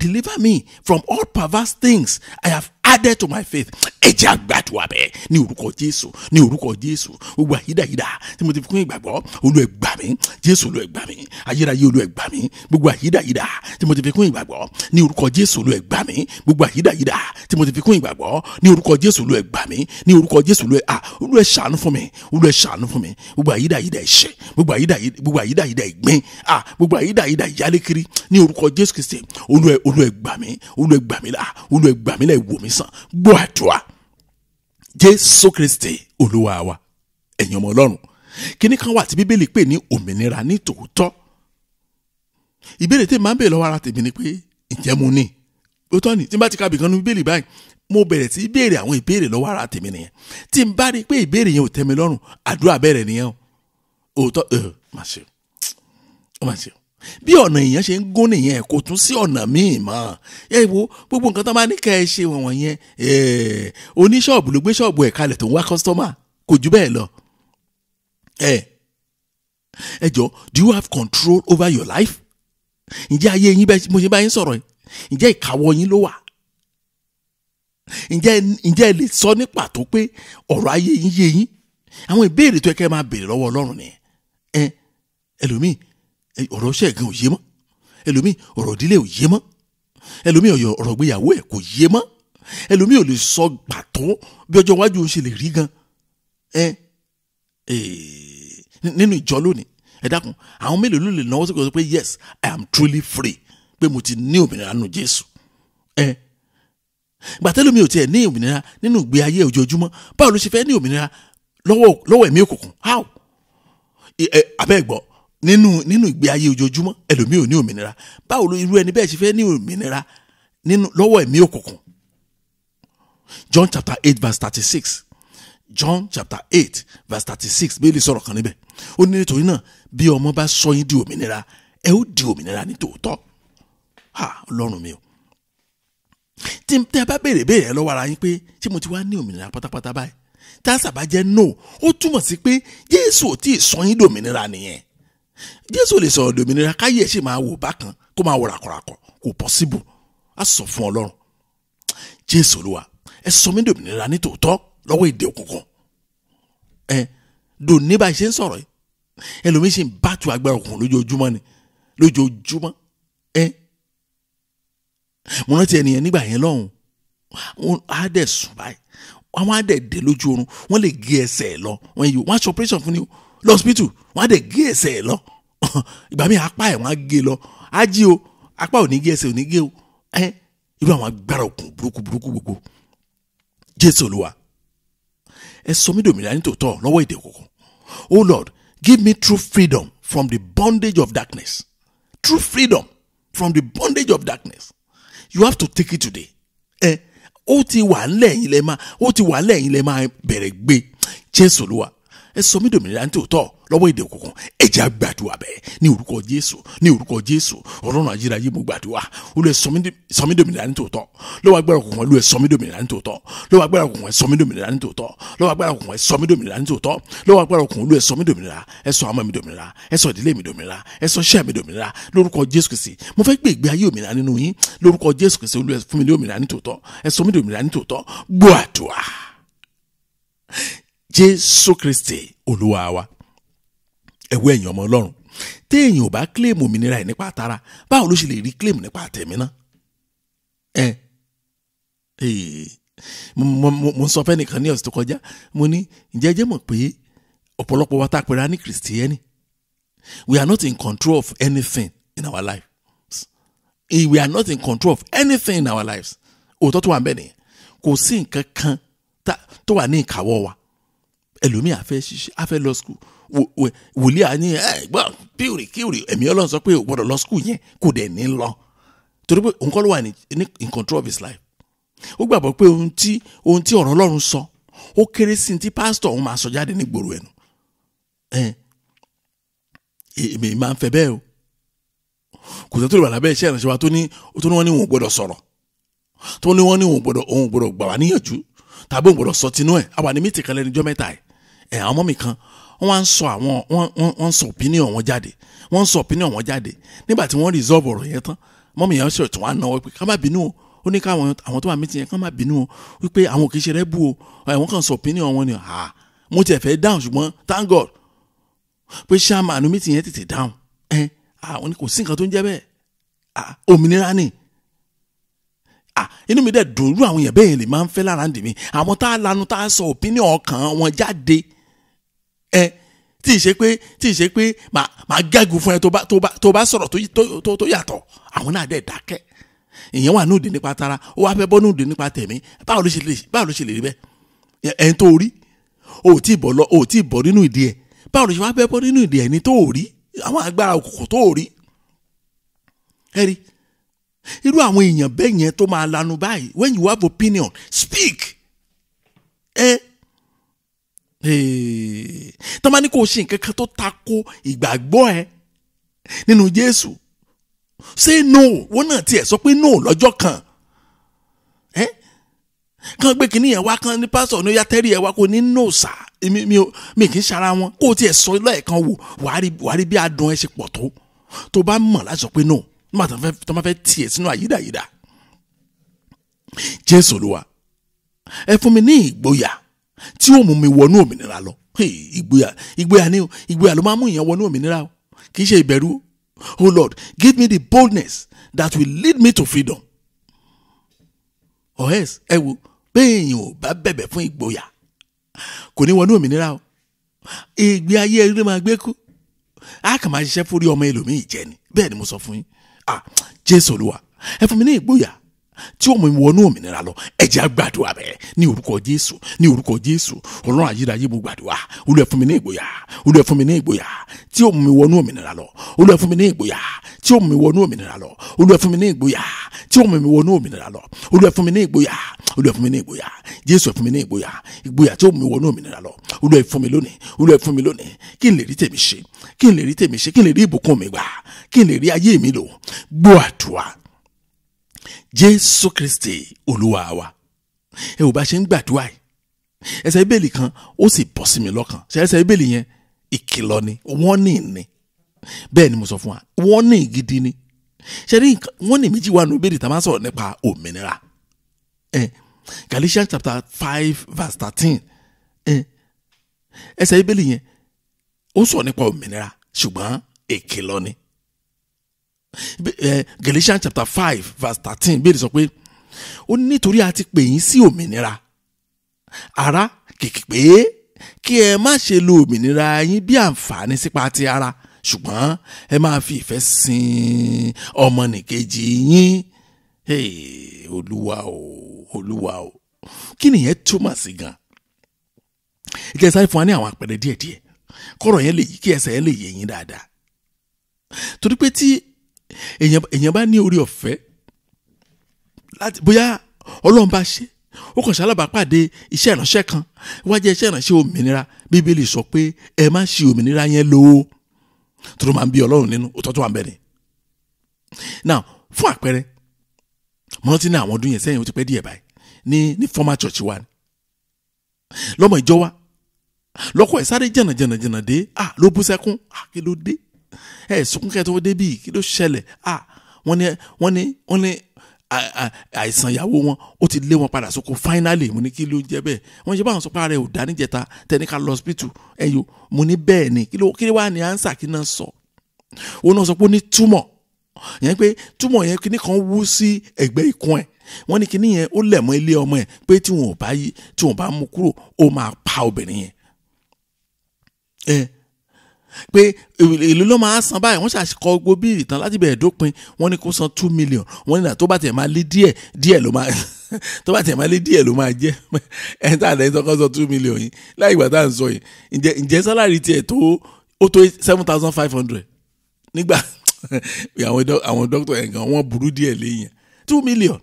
deliver me from all perverse things i have added to my faith ẹ jẹ́ àgbàdua bẹ́ẹ̀ ní orúkọ jésù ní orúkọ jésù gbogbo àyídáyídá tí mo ti fún ìgbàgbọ́ olú ẹ gbà mí jésù olú ẹ gbà mí ayérayé olú ẹ gbà mí gbogbo àyídáyídá tí mo ti fi kún ìgbàgbọ́ ní orúkọ jésù olú ẹ gbà mí gbogbo àyídáyídá tí mo ti fi kún ìgbàgbọ́ ní orúkọ jésù olú ẹ gbà mí ní orúkọ olú ẹ à olú ẹ ṣàánú fún mi olú ẹ ṣàánú fún mi gbogbo àyídáyídá ẹ̀ṣẹ̀ gbogbo àyídáyídá ìgbín à gbogbo àyídáyídá ìyálékiri ní orúkọ jésù kristi olú ẹ olú ẹ gbà olú ẹ gbà mí olú ẹ gbà mí ẹ wò mí àìsàn gbọ́ àdúrà jésù kristi olúwa wa ẹ̀yin ọmọ ọlọ́run kíní kan wà tí bíbélì pè ní òmìnira ní tòótọ́ ìbéèrè tí màá bèèrè lọ́wọ́ ara tèmi ni pé ǹjẹ́ mo ní o tọ́ ni tí n bá ti ka bìkan nu bíbélì báyìí mo bẹ̀rẹ̀ sí béèrè àwọn ìbéèrè lọ́wọ́ ara tèmi nìyẹn tí n bá rí i pé ìbéèrè yẹn ò tẹ́ lọ́rùn àdúrà bẹ̀rẹ̀ nìyẹn òótọ́ ẹ má ṣe o má ṣe bí ọ̀nà èèyàn ṣe ń gún nìyẹn kò tún sí ọ̀nà míì mọ́ ẹ wo gbogbo nǹkan tó máa ní kẹ́ ṣe wọ̀n wọ̀nyẹn oníṣọ́ọ̀bù ló gbé ṣọ́ọ̀bù ẹ̀ kalẹ̀ tó ń wá kọ́sítọ́mà kò jù bẹ́ẹ̀ lọ. ẹ ẹ jọ do you have control over your life? ǹjẹ́ ayé yín bẹ́ẹ̀ mo ṣe bá yín sọ̀rọ̀ yìí ǹjẹ́ ìkáwọ́ yín ló wà? ǹjẹ́ ǹjẹ́ ẹ lè sọ ní pàtó pé ọ̀rọ̀ ayé yín yé yín? àwọn ìbéèrè tó yẹ kẹ́ máa béèrè lọ́wọ́ Ọlọ́run nìyẹn ẹ ẹlòmíì ọ̀rọ̀ ṣẹ́gun ò yé mọ́ ẹlòmíì ọ̀rọ̀ ìdílé ò yé mọ́ ẹlòmíì ọ̀rọ̀ ìgbéyàwó ẹ̀ kò yé mọ́ ẹlòmíì ò lè sọ pàtó bí ọjọ́ iwájú ń ṣe lè rí gan ẹ nínú ìjọ lónìí ẹ dákun àwọn mélòó ló lè náwó sí kòtò pé yes i am truly free pé mo ti ní òmìnira nù jésù ẹ gbàtẹ́lómi ò tiẹ̀ ní òmìnira nínú ìgbé ayé ojoojúmọ́ báwo ló ṣe fẹ́ ní òmìnira lọ́wọ́ ẹ̀mí òkùnkùn how abẹ́ gbọ́ nínú nínú ìgbé ayé ojoojúmọ́ ẹlòmíì ò ní òmìnira báwo ló irú ẹni bẹ́ẹ̀ ṣe fẹ́ ní òmìnira nínú lọ́wọ́ ẹ̀mí òkùnkùn John chapter eight verse thirty six John chapter eight verse thirty six bẹ́ẹ̀ lè sọ̀rọ̀ kan níbẹ̀ ó ní nítorí náà bí ọmọ bá sọ yín di òmìnira ẹ ó di òmìnira ní tòótọ́ ha ọlọ́run mi o tí tẹ́ ẹ bá béèrè béèrè lọ́wọ́ ara yín pé ṣé mo ti wá ní òmìnira pátápátá báyìí tá a sábà no ó túmọ̀ sí pé Jésù ò tí ì sọ yín dòmìnira nìyẹn jésù ò lè sọ̀rọ̀ dòmìnira káyé ẹ̀ ṣì máa wò bákan kó máa wò ràkọ̀ràkọ̀ kò pọ́síbù á sọ fún ọlọ́run jésù olúwa ẹ sọ mí dòmìnira nítòótọ́ lọ́wọ́ èdè òkùnkùn ẹ dòní bá ṣe ń sọ̀rọ̀ yìí ẹlòmíín ṣe ń bá tu agbára òkùnkùn lójoojúmọ́ ni lójoojúmọ́ ẹ mo rántí ẹnìyẹn nígbà yẹn lọ́hùn á dẹ̀ sùn báyìí àwọn á dẹ̀ dé lójú oorun wọ́n lè gé ẹsẹ̀ lọ wọ́n yóò wọ́n á operation fún ni o lọ́sibítù wọ́n á dẹ̀ gé ẹsẹ̀ ẹ̀ lọ [LAUGHS] ìgbà míì apá ẹ̀ wọ́n á gé lọ á jí o apá ò ní gé ẹsẹ̀ ò ní gé o ẹ irú àwọn agbára òkun burúkú burúkú gbogbo jésù olúwa ẹ sọ mí dòmìnira nítòótọ́ lọ́wọ́ ìdè òkùnkùn o oh lord give me true freedom from the bondage of darkness true freedom from the bondage of darkness you have to take it today ẹ ó ti wà ńlẹ̀ yín ó ti wà ńlẹ̀ yín bẹ̀rẹ̀ gbé jésù olúwa ẹ sọ mí dòmìnira ní tòótọ́ lọ́wọ́ èdè òkùnkùn ẹ jẹ́ àgbàdua bẹ́ẹ̀ ní orúkọ jésù ní orúkọ jésù ọlọ́run ajíráyé mo gbàdúrà olú ẹ sọ mí dòmìnira ní tòótọ́ lọ́wọ́ agbára òkùnkùn olú ẹ sọ mí dòmìnira ní tòótọ́ lọ́wọ́ agbára òkùnkùn ẹ sọ mí dòmìnira ní tòótọ́ lọ́wọ́ agbára òkùnkùn ẹ sọ mí dòmìnira ní tòótọ́ lọ́wọ́ agbára òkùnkùn olú ẹ sọ mí dòmìnira ẹ sọ àmọ́ mi dòmìnira ẹ sọ ìdílé mi dòmìnira ẹ sọ iṣẹ́ mi dòmìnira lórúkọ jésù kìsì mo fẹ́ gbé ìgbé ayé òmìnira nínú yín lórúkọ jésù kìsì olú ẹ fún mi ní òmìnira ní tòótọ́ ẹ sọ mí dòmìnira ní tòótọ́ gbọ́ àdúrà jésù kristi olúwa wa ẹ̀wọ́ ẹ̀yìn ọmọ ọlọ́run téèyàn ò bá claim òmìnira ẹ̀ nípa tara báwo ló ṣe lè rí claim nípa tẹ̀mí náà ẹ eh, mo sọ fẹ́nìkan ní ọ̀sẹ̀ tó kọjá mo ní ǹjẹ́ jẹ́ mọ̀ pé ọ̀pọ̀lọpọ̀ wa tá a pera ní kìrìsìtẹ́nì we are not in control of anything in our lives. we are not in control of anything in our lives òótọ́ tó wà ń bẹ̀ nìyẹn kò sí nǹkan kan tó wà ní ìkàwọ́ wa ẹlòmíì àfẹ́ ṣiṣẹ́ àfẹ́ lọ skul wòlíì àní ẹ gbọ́ píùrì kíùrì ẹ̀mí ọlọ́run sọ pé o gbọ́dọ̀ lọ skul yẹn kò dẹ̀ ní lọ torí pé òun ló wà ní in control of his life ó gbàgbọ́ pé ohun tí ohun tí ọ̀rọ̀ ọlọ́run sọ ó kéré sí ti pásítọ̀ òun máa sọ jáde ní gbòòrò ẹnu èmi máa ń fẹ́ bẹ́ẹ̀ o kò sẹ́ni tó lè iṣẹ́ ìrànṣẹ́ wa tó ní tó ní wọ́n ní òun gbọ́dọ̀ sọ̀rọ̀ tó ní wọ́n ní òun gbọ́dọ̀ òun gbọ́dọ̀ gbà wá níyànjú tàbí òun gbọ́dọ̀ sọ tinú ẹ̀ àwa ní mítì kan lẹ́nu jọ́ mẹ́ta ẹ̀ ẹ̀ àwọn ọmọ mi kan wọ́n wá ń sọ àwọn wọ́n ń sọ opinion wọn jáde wọ́n ń sọ opinion wọn jáde nígbà tí wọ́n resolve ọ̀rọ̀ yẹn tán mọ́mí yẹn ṣe tún wá náwó pé ká má bínú o ó ní káwọn àwọn tó wà mí ti yẹn ká má bínú o wípé àwọn òkè ṣe rẹ́ bù o àwọn kan sọ opinion wọn ni ha mo tiẹ̀ fẹ́ dáhùn ṣùgbọ́n thank God pé ṣáàmánú mi ti yẹn tètè dáhùn ẹ àwọn kò sí nǹkan tó ń jẹ́ bẹ́ẹ̀ òmìnira ni inú mi dẹ̀ dùn irú àwọn yẹn bẹ́ẹ̀ lè máa ń fẹ́ lára ń dì àwọn tá a lanu tá a sọ opinion ọkàn wọn jáde ẹ tí ì ṣe pé tí ì ṣe pé màá gẹ́gùn fún ẹ tó bá tó bá tó bá sọ̀rọ̀ tó yàtọ̀ àwọn náà dẹ̀ dákẹ́ ìyẹn wà núùdì nípa tara ó wá fẹ́ bọ́ núùdì nípa tẹ̀mí báwo ló ṣe lè báwo ló ṣe lè rí bẹ́ẹ̀ ẹ̀ ń tó rí o ò tí ì bọ̀ lọ o ò tí ì bọ̀ nínú ìdí ẹ̀ báwo ló ṣe wá fẹ́ bọ́ nínú ìdí ẹ̀ ní tó rí àwọn agbára òkùnkùn tó rí ẹ rí irú àwọn èèyàn bẹ́ẹ̀ yẹn tó máa lanu báyìí when you have opinion speak ẹ tó bá ní kó o ṣe nǹkan kan tó tako ìgbàgbọ́ ẹ nínú Jésù say no wọn náà tiẹ̀ sọ pé no lọ́jọ́ kan ẹ kàn gbé kínní yẹn wá kàn ní pásítọ̀ ní ó tẹ́rì yẹn wá kó ní no sa mi mi mi kì í ṣara wọn kó o tiẹ̀ sọ lẹ́ẹ̀kan wò wàá rí bí adùn ẹ ṣe pọ̀ tó tó bá mọ̀ láti sọ pé no nígbà tó máa fẹ́ tiẹ̀ sínú àyídàyídà Jésù Olúwa ẹ fún mi ní ìgboyà tí ó mú mi wọnú òmìnira lọ ìgboyà ìgboyà ni o ló máa mú ìyẹn wọnú òmìnira o kì í ṣe ìbẹ̀rù o oh lord give me the boldness that will lead me to freedom or else ẹ wo béèyàn ò bá bẹ̀bẹ̀ fún ìgboyà kò ní wọnú òmìnira o ìgbé ayé ẹrí máa gbé kú a kàn máa ṣiṣẹ́ fúri ọmọ ẹlòmíì jẹ ni bẹ́ẹ̀ ni mo sọ fún yín ah jésù olúwa ẹ fún mi ní ìgboyà tí ó mú wọnú òmìnira lọ ẹjẹ àgbàdua bẹ́ẹ̀ ní orúkọ jésù ní orúkọ jésù ọlọ́run ayérayé mo gbàdúrà olú ẹ fún mi ní ìgboyà olú ẹ fún mi ní ìgboyà tí ó mú wọnú òmìnira lọ olú ẹ fún mi ní ìgboyà tí ó mú wọnú òmìnira lọ olú ẹ fún mi ní ìgboyà tí ó mú wọnú òmìnira lọ olú ẹ fún mi ní ìgboyà olú ẹ fún mi ní ìgboyà jésù ẹ mi ní ìgboyà ìgboyà tí ó mú wọnú òmìnira lọ olú mi lónìí olú ẹ fún mi lónìí kí n lè rí tèmi ṣe kí n lè rí tèmi ṣe kí n lè rí ìbùkún mi gbà kí n lè rí ayé mi lò gbọ́ àdúrà jésù kristi olúwa wa ẹ ò bá ṣe ń gbàdúrà yìí ẹsẹ̀ ìbéèlì kan ó sì bọ́ sí mi lọ́kàn ṣe ẹsẹ̀ ìbéèlì yẹn ìkìlọ̀ ni warning ni bẹ́ẹ̀ ni mo sọ fún wa warning gidi ni ṣe ní warning méjì wà nù ìbéèrè tá a máa sọ̀rọ̀ nípa òmìnira eh, Galatians chapter five verse thirteen ẹsẹ̀ ìbéèlì yẹn ó sọ̀rọ̀ nípa òmìnira ṣùgbọ́n ìkìlọ̀ ni Galatians chapter five verse thirteen béèrè sọ pé ó nítorí a ti pè yín sí òmìnira ará kìkì pé kí ẹ má ṣe lo òmìnira yín bí àǹfààní sípa ti ara ṣùgbọ́n ẹ máa fi ìfẹ́ sin ọmọnìkejì yín hey, olúwa o olúwa o kí nìyẹn túmọ̀ sí gan ìjẹ́ sáré fún wa ní àwọn àpẹẹrẹ díẹ̀díẹ̀ kọ́rọ̀ yẹn lè yí kí ẹsẹ̀ yẹn lè yé yín dáadáa torí pé tí èèyàn bá ní orí ọ̀fẹ́ láti bóyá ọlọ́run bá ṣe ó kàn ṣalábàápàdé iṣẹ́ ìránṣẹ́ kan wá jẹ́ iṣẹ́ ìránṣẹ́ òmìnira bíbélì sọ pé ẹ má ṣe òmìnira yẹn lówó tó máa ń bí ọlọ́run nínú òótọ́ tó wà ń ni. now fún àpẹẹrẹ mo rántí ní àwọn ọdún yẹn sẹ́yìn ó ti pẹ́ díẹ̀ báyìí ní ní former church wa ni lọ́mọ ìjọ wa lọ́kọ̀ ẹ̀ sáré jẹ̀nàjẹ̀nàjẹ̀nà dé ah ló bú sẹ́kún ah kí ló dé ẹ sunkún kẹ́ tó débì kí ló ṣẹlẹ̀ ah wọ́n ní wọ́n ní wọ́n ní àìsàn ìyàwó wọn ó ti lé wọn padà sóko finally mo ní kí ló ń jẹ bẹ́ẹ̀ wọ́n ṣe báwọn sọ pé ara ẹ̀ ò dá níjẹta tẹnika lọ hospital ẹ̀yọ́ mo ní bẹ́ẹ̀ ni kí ló kí wàá ní answer kí náà sọ òun náà sọ pé ó ní túmọ̀ yẹn pé túmọ̀ yẹn kíní kan wú sí ẹ̀gbẹ́ ikùn ẹ̀ wọ́n ní kíní yẹn ó lẹ̀ mọ́ ilé ọmọ ẹ̀ pé tí wọn ò bá yí tí wọn ò bá mú kúrò ó máa pa obìnrin yẹn pé èlò ló máa san báyìí wọ́n ṣàkọ gbogbo bíìlì tán láti bẹ̀rẹ̀ dópin wọ́n ní kó san two million wọ́n ní nà tó bá tẹ̀ máa lé díẹ̀ díẹ̀ ló máa [LAUGHS] tó bá tẹ̀ máa lé díẹ̀ ló máa jẹ́ [LAUGHS] ẹni tá à lẹ́yìn tọkọ sọ two million yìí láì ìgbà tá à ń sọ yìí ǹjẹ́ ǹjẹ́ sálárì tiẹ̀ tó ó tó seven thousand five hundred nígbà [LAUGHS] àwọn dókítà ẹ̀gàn wọ́n burú díẹ̀ léyìn two million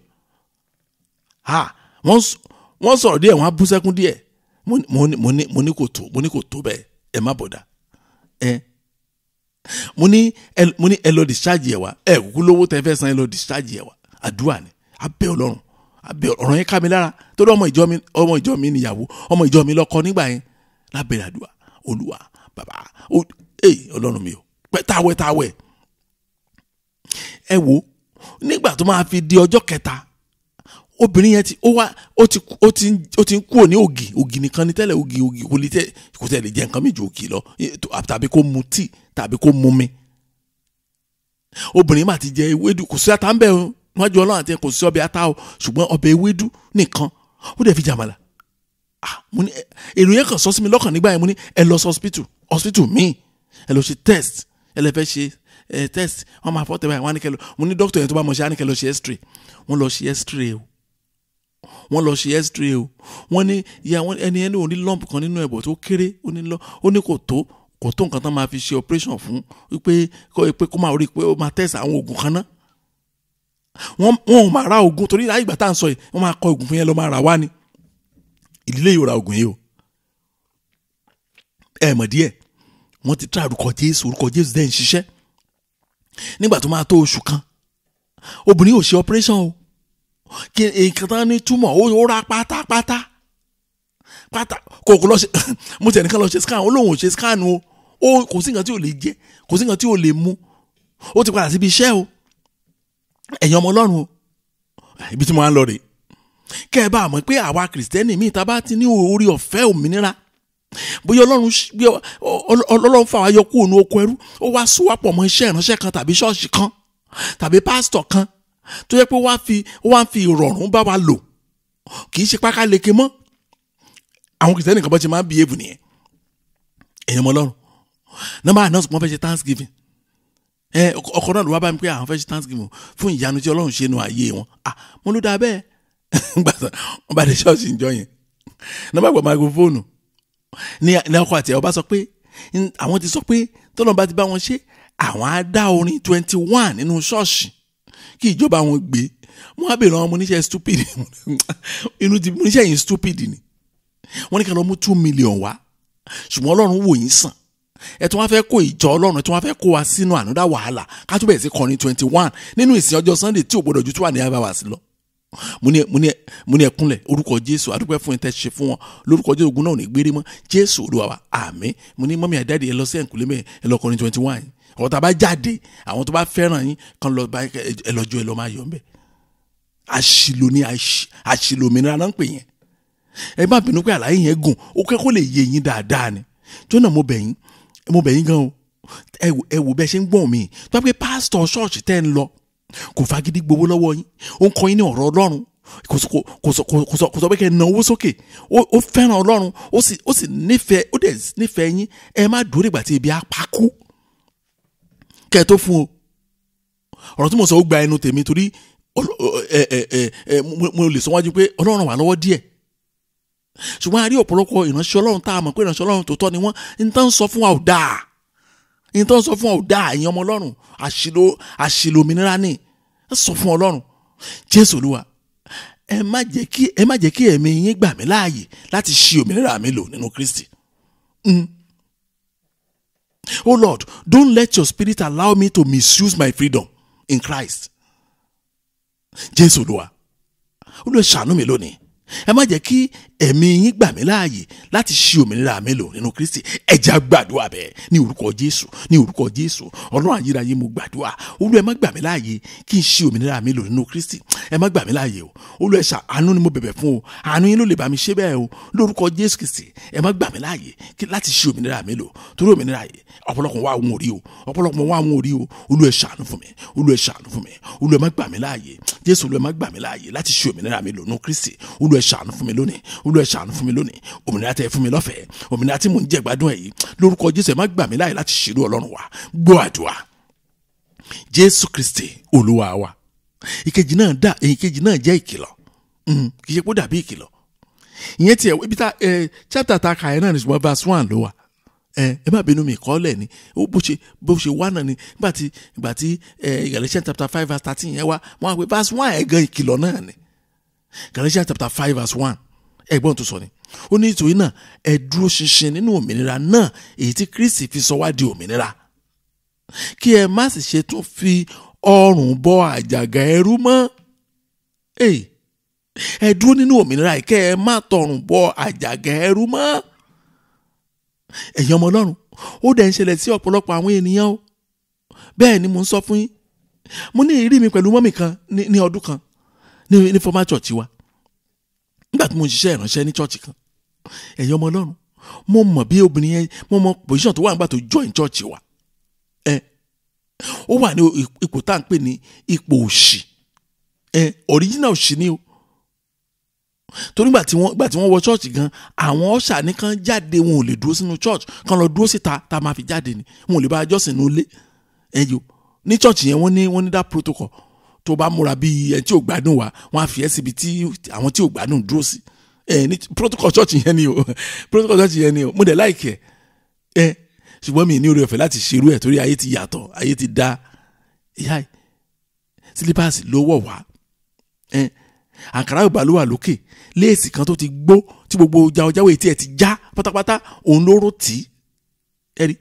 ha wọ́n sọ̀rọ̀ díẹ̀ wọ́n á bú sẹ́kún díẹ̀ mo ní kò tó mo ní kò tó bẹ́ẹ̀ ẹ má bọ̀dà ẹ mo ní ẹ mo ní ẹ lọ discharge ẹ wa ẹ kúkú lówó tẹ fẹ́ san ẹ lọ discharge ẹ wa àdúrà ni abẹ́ ọlọ́run abẹ́ ọ̀rọ̀ yẹn ká mi lára torí ọmọ ìjọ mi ọmọ ìjọ mi níyàwó ọmọ ìjọ mi lọ́kọ nígbà yẹn lábẹ́rẹ́ àdúrà olúwa bàbá ee eh, ọlọ́run mi o pẹ́ táwẹ́ táwẹ́ ẹ wo nígbà tó máa fi di ọjọ́ kẹta obìnrin yẹn ti ó wá ó ti ó ti ó ti ń kúrò ní ògì ògì nìkan ni tẹ́lẹ̀ ògì ògì kò lè tẹ́ kò tẹ́ lè jẹ nǹkan méjì ògì lọ tàbí kó mu tíì tàbí kó mu mi obìnrin mà ti jẹ ewédú kò sí ata ń bẹ̀ níwájú ọlọ́run àti kò sí ọbẹ̀ ata o ṣùgbọ́n ọbẹ̀ ewédú nìkan ó dẹ̀ fi jàmàlà èrò yẹn kàn sọ sí mi lọ́kàn nígbà yẹn mo ní ẹ lọ sí hospital hospital míì ẹ lọ ṣe test ẹ lẹ fẹ́ ṣe test wọ́n máa fọ́ tẹ̀ báyìí wọ́n á ní kẹ́ lọ mo ní dókítà yẹn tó bá mọ̀ ṣe á ní kẹ́ lọ ṣe x-ray wọ́n lọ ṣe x-ray o wọ́n lọ ṣe x-ray o wọ́n ní ìyá ẹni ẹni ò ní lump kan nínú ẹ̀bọ̀ tó kéré ó ní lọ ó ní kò tó kò tó nǹkan tán máa fi ṣe operation fún pé pé kó máa rí i pé ó máa tẹ̀sí àwọn oògùn kan náà wọ́n wọn ò máa ra oògùn torí láyé ìgbà tá à ń sọ yìí wọ́n máa kọ oògùn fún yẹn lọ máa rà wá ni ìdílé yóò ra oògùn yìí o ẹ mọ̀ díẹ̀ wọ́n ti tra orúkọ Jésù orúkọ Jésù dẹ́n ṣiṣẹ́ nígbà tó máa tó oṣù kan obìnrin ò ṣe operation o kí nǹkan tán ní túmọ̀ ó rà pátápátá pátá kò kò lọ ṣe [LAUGHS] mo tẹ̀ nìkan lọ ṣe scan ó lóun ò ṣe scan o ó kò sí nǹkan tí ò lè jẹ kò sí nǹkan tí ò lè mu ó ti padà síbi iṣẹ́ o ẹ̀yin ọmọ ọlọ́run o ibi tí mo máa ń lọ rèé kẹ́ ẹ bá mọ̀ pé àwa kìrìsìtẹ́nì míì tá a bá ti ní orí ọ̀fẹ́ òmìnira bóyá ọlọ́run ọlọ́run fà wá yọ kúrò ní oko ẹrú ó wá sún wá pọ̀ mọ́ iṣẹ́ ìránṣẹ́ kan tàbí ṣọ́ọ̀ṣì kan tàbí pásítọ̀ kan tó yẹ pé wọ́n á fi wọ́n á fi ìrọ̀rùn bá wa lò kì í ṣe páká leke mọ́ àwọn kìtẹ́nì kan bọ́ ṣe máa ń bìyẹ́bù nìyẹn èèyàn mọ́ nọ́mbà anọ́ọ̀sì kan fẹ́ ṣe thanksgiving ẹ ọkọ náà ló wá bá mi pé àwọn fẹ́ ṣe thanksgiving fún ìyanu tí ọlọ́run ṣe nu ayé wọn ah mo ló dáa bẹ́ẹ̀ [LAUGHS] gbàtà wọn bá dé ṣọ́ọ̀ṣì ìjọ yẹn nọ́mbà gbọ́ microphone ní ọkọ àti ẹ̀ ọba sọ pé àwọn ti sọ pé tọ́lọ́mùbá ti bá wọn ṣe àwọn á dá orin twenty one nínú ṣọ́ọ̀ṣì kí ìjọba wọn gbé wọn á bèrè àwọn ọmọ oníṣẹ́ stupid [LAUGHS] inú ti oníṣẹ́ yìí stupid ni wọ́n ní ká lọ mú two million wá ṣùgbọ́n ọlọ́run wò yín sàn ẹ tún wá fẹ́ kó ìjọ ọlọ́run ẹ tún wá fẹ́ kó wa sínú ànúdá wàhálà ká tún bẹ̀rẹ̀ sí kọrin twenty one nínú ìsìn ọjọ́ sunday tí ò gbọdọ̀ ju two and a half hours lọ mo ní ẹkúnlẹ̀ orúkọ jésù adúpẹ́ fún ẹtẹ ṣe fún wọn lórúkọ jésù ogun náà ò ní gbére mọ́ jésù olúwa wa àmín mo ní mọ́mí àdáde ẹ lọ sí ẹ̀ǹkúlẹ́mẹ́ ẹ lọ kọrin twenty one àwọn tá a bá jáde àwọn tó bá fẹ́ràn yín kan lọ bá ẹlọ́jọ́ ẹ lọ́ máa yọ̀ ń bẹ̀ àṣìlò ni àṣìlò òmìnira náà ń pè yẹn ẹ má bínú pé àlàyé yẹn gùn ó kẹ́kọ̀ọ́ lè yé yín dáadáa ni tó náà mo bẹ̀ yín mo bẹ̀ yín gan o ẹ wò ẹ wò bẹ́ẹ̀ ṣe ń gbọ́n mi tó bá pé pásítọ̀ ṣọ́ọ̀ṣì tẹ́ ń lọ kò fagídí gbowó lọ́wọ́ yín ó ń kọ́ yín ní ọ̀rọ̀ ọlọ́run kò sọ pé kẹ́ ẹ náwó sókè ó fẹ́ràn ọlọ́run ó sì nífẹ̀ẹ́ ó dẹ̀ nífẹ̀ẹ́ yín ẹ má dúró dìgbà tí ebi á pa kú kẹ́ tó fún o ọ̀rọ̀ tí mo sọ ó gba ẹnu tèmi torí mo lè sọ wájú pé ọlọ́run wà lọ́wọ́ díẹ̀ ṣùgbọ́n a rí ọ̀pọ̀lọpọ̀ ìránṣẹ́ ọlọ́run tá a mọ̀ pé ìránṣẹ́ ọlọ́run tòótọ́ ni wọ́n ń tán sọ fún wa ò dáa ń tán sọ fún wa ò dáa ẹ̀yin ọmọ ọlọ́run àṣìlò àṣìlò òmìnira ni ẹ sọ fún ọlọ́run jésù olúwa ẹ má jẹ́ kí ẹ má jẹ́ kí ẹ̀mí yín gbà mí láàyè láti ṣi òmìnira mi lò nínú kristi. Oh Lord, don't let your spirit allow me to misuse my freedom in Christ. Jésù Olúwa, Olúwa ṣàánú mi lónìí. Ẹ má jẹ́ kí ẹ̀mí yín gbà mí láàyè láti ṣí òmìnira mi lò nínú Kristi ẹ̀já gbàdúrà bẹ́ẹ̀ ní orúkọ Jésù ní orúkọ Jésù ọlọ́run ayérayé mo gbàdúrà olú ẹ má gbà mí láàyè kí n ṣí òmìnira mi lò nínú Kristi ẹ má gbà mí láàyè o olú ẹ ṣàánú ni mo bẹ̀bẹ̀ fún o àánú yín ló lè bá mi ṣe bẹ́ẹ̀ o lórúkọ Jésù Kristi ẹ má gbà mí láàyè láti ṣí òmìnira mi lò torí òmìnira yìí ọ̀pọ̀lọpọ̀ wà wọn orí o ọ̀pọ̀lọpọ̀ wà wọn orí o olú ẹ ṣàánú fún mi olú ẹ ṣàánú fún mi olú ẹ má gbà mí láàyè Jésù olú ẹ má gbà mí láàyè láti ṣí òmìnira mi lò nínú Kristi olú ẹ ṣàánú fún mi lónìí olú ẹ ṣàánú fún mi lónìí òmìnira tẹ fún mi lọ́fẹ̀ẹ́ òmìnira tí mò ń jẹ gbádùn ẹ yìí lórúkọ jésù ẹ má gbà mí láàyè láti ṣerú ọlọ́run wa gbọ́ àdúrà jésù kristi olúwa wa ìkejì náà dà ìkejì náà jẹ́ ìkìlọ̀ hmm, kì ṣe pé ó dàbí ìkìlọ̀ ìyẹn tiẹ̀ ibi ta ẹ chapter ta kàyẹ náà ní ṣùgbọ́n verse one ló wà ẹ ẹ má bínú mi kọ́lẹ̀ ni ó bó ṣe bó ṣe wá náà ni nígbà tí nígbà tí ẹ Galatians chapter five verse thirteen yẹn wá wọn á verse one ẹ̀ gan ìkìlọ̀ náà ni Galatians chapter five verse one ẹ̀gbọ́n tó sọ ni ó ní ìtòyí náà ẹ dúró ṣinṣin nínú òmìnira náà èyí tí Kristi fi sọ wá di òmìnira kí ẹ má sì ṣe tún fi ọrùn bọ àjàgà ẹrú mọ́ ẹ dúró nínú òmìnira yìí kẹ́ ẹ má tọrùn bọ àjàgà ẹrú mọ́ ẹ̀yin ọmọ Ọlọ́run ó dẹ̀ ń ṣẹlẹ̀ sí ọ̀pọ̀lọpọ̀ àwọn ènìyàn o bẹ́ẹ̀ ni mo ń sọ fún yín mo ní ìrírí mi pẹ̀lú mọ́mì kan ní ọdún kan ní former church wa nígbà tí mo ń ṣiṣẹ́ ìránṣẹ́ ní chọ́ọ̀chì kan ẹ̀yin ọmọ ọlọ́run mo mọ̀ bí obìnrin yẹn mo mọ pòsíṣàn tó wà nígbà tó join chọ́ọ̀chì wa ẹ ó wà ní ipò tá à ń pè ní ipò òṣì ẹ original òṣì ni o torí gbà tí wọ́n gbà tí wọ́n wọ church gan àwọn ọ̀ṣà nìkan jáde wọn ò lè dúró sínú church kan lọ dúró síta tá a máa fi jáde ni wọn ò lè bá a jọ́sìn nínú ilé ẹ̀yọ́ ní church yẹn wọ́n ní wọ́n ní that protocol tó bá múra bí ẹ tí ò gbádùn wa wọn á fi ẹ síbi tí àwọn tí ò gbádùn dúró sí ẹ ní protocol church yẹn ni o [LAUGHS] protocol church yẹn ni o mo dẹ̀ láìkẹ́ ẹ ṣùgbọ́n mi ní orí ọ̀fẹ́ láti ṣerú ẹ̀ torí ayé ti yàtọ̀ ayé ti dá ìyá ẹ̀ sílípàsì ló wọ̀ wá ẹ̀ àǹkárá yorùbá ló wà lókè léèsì kan tó ti gbó tí gbogbo jaojáwé tí ẹ ti já pátápátá òun ló rò tì í ẹ̀rí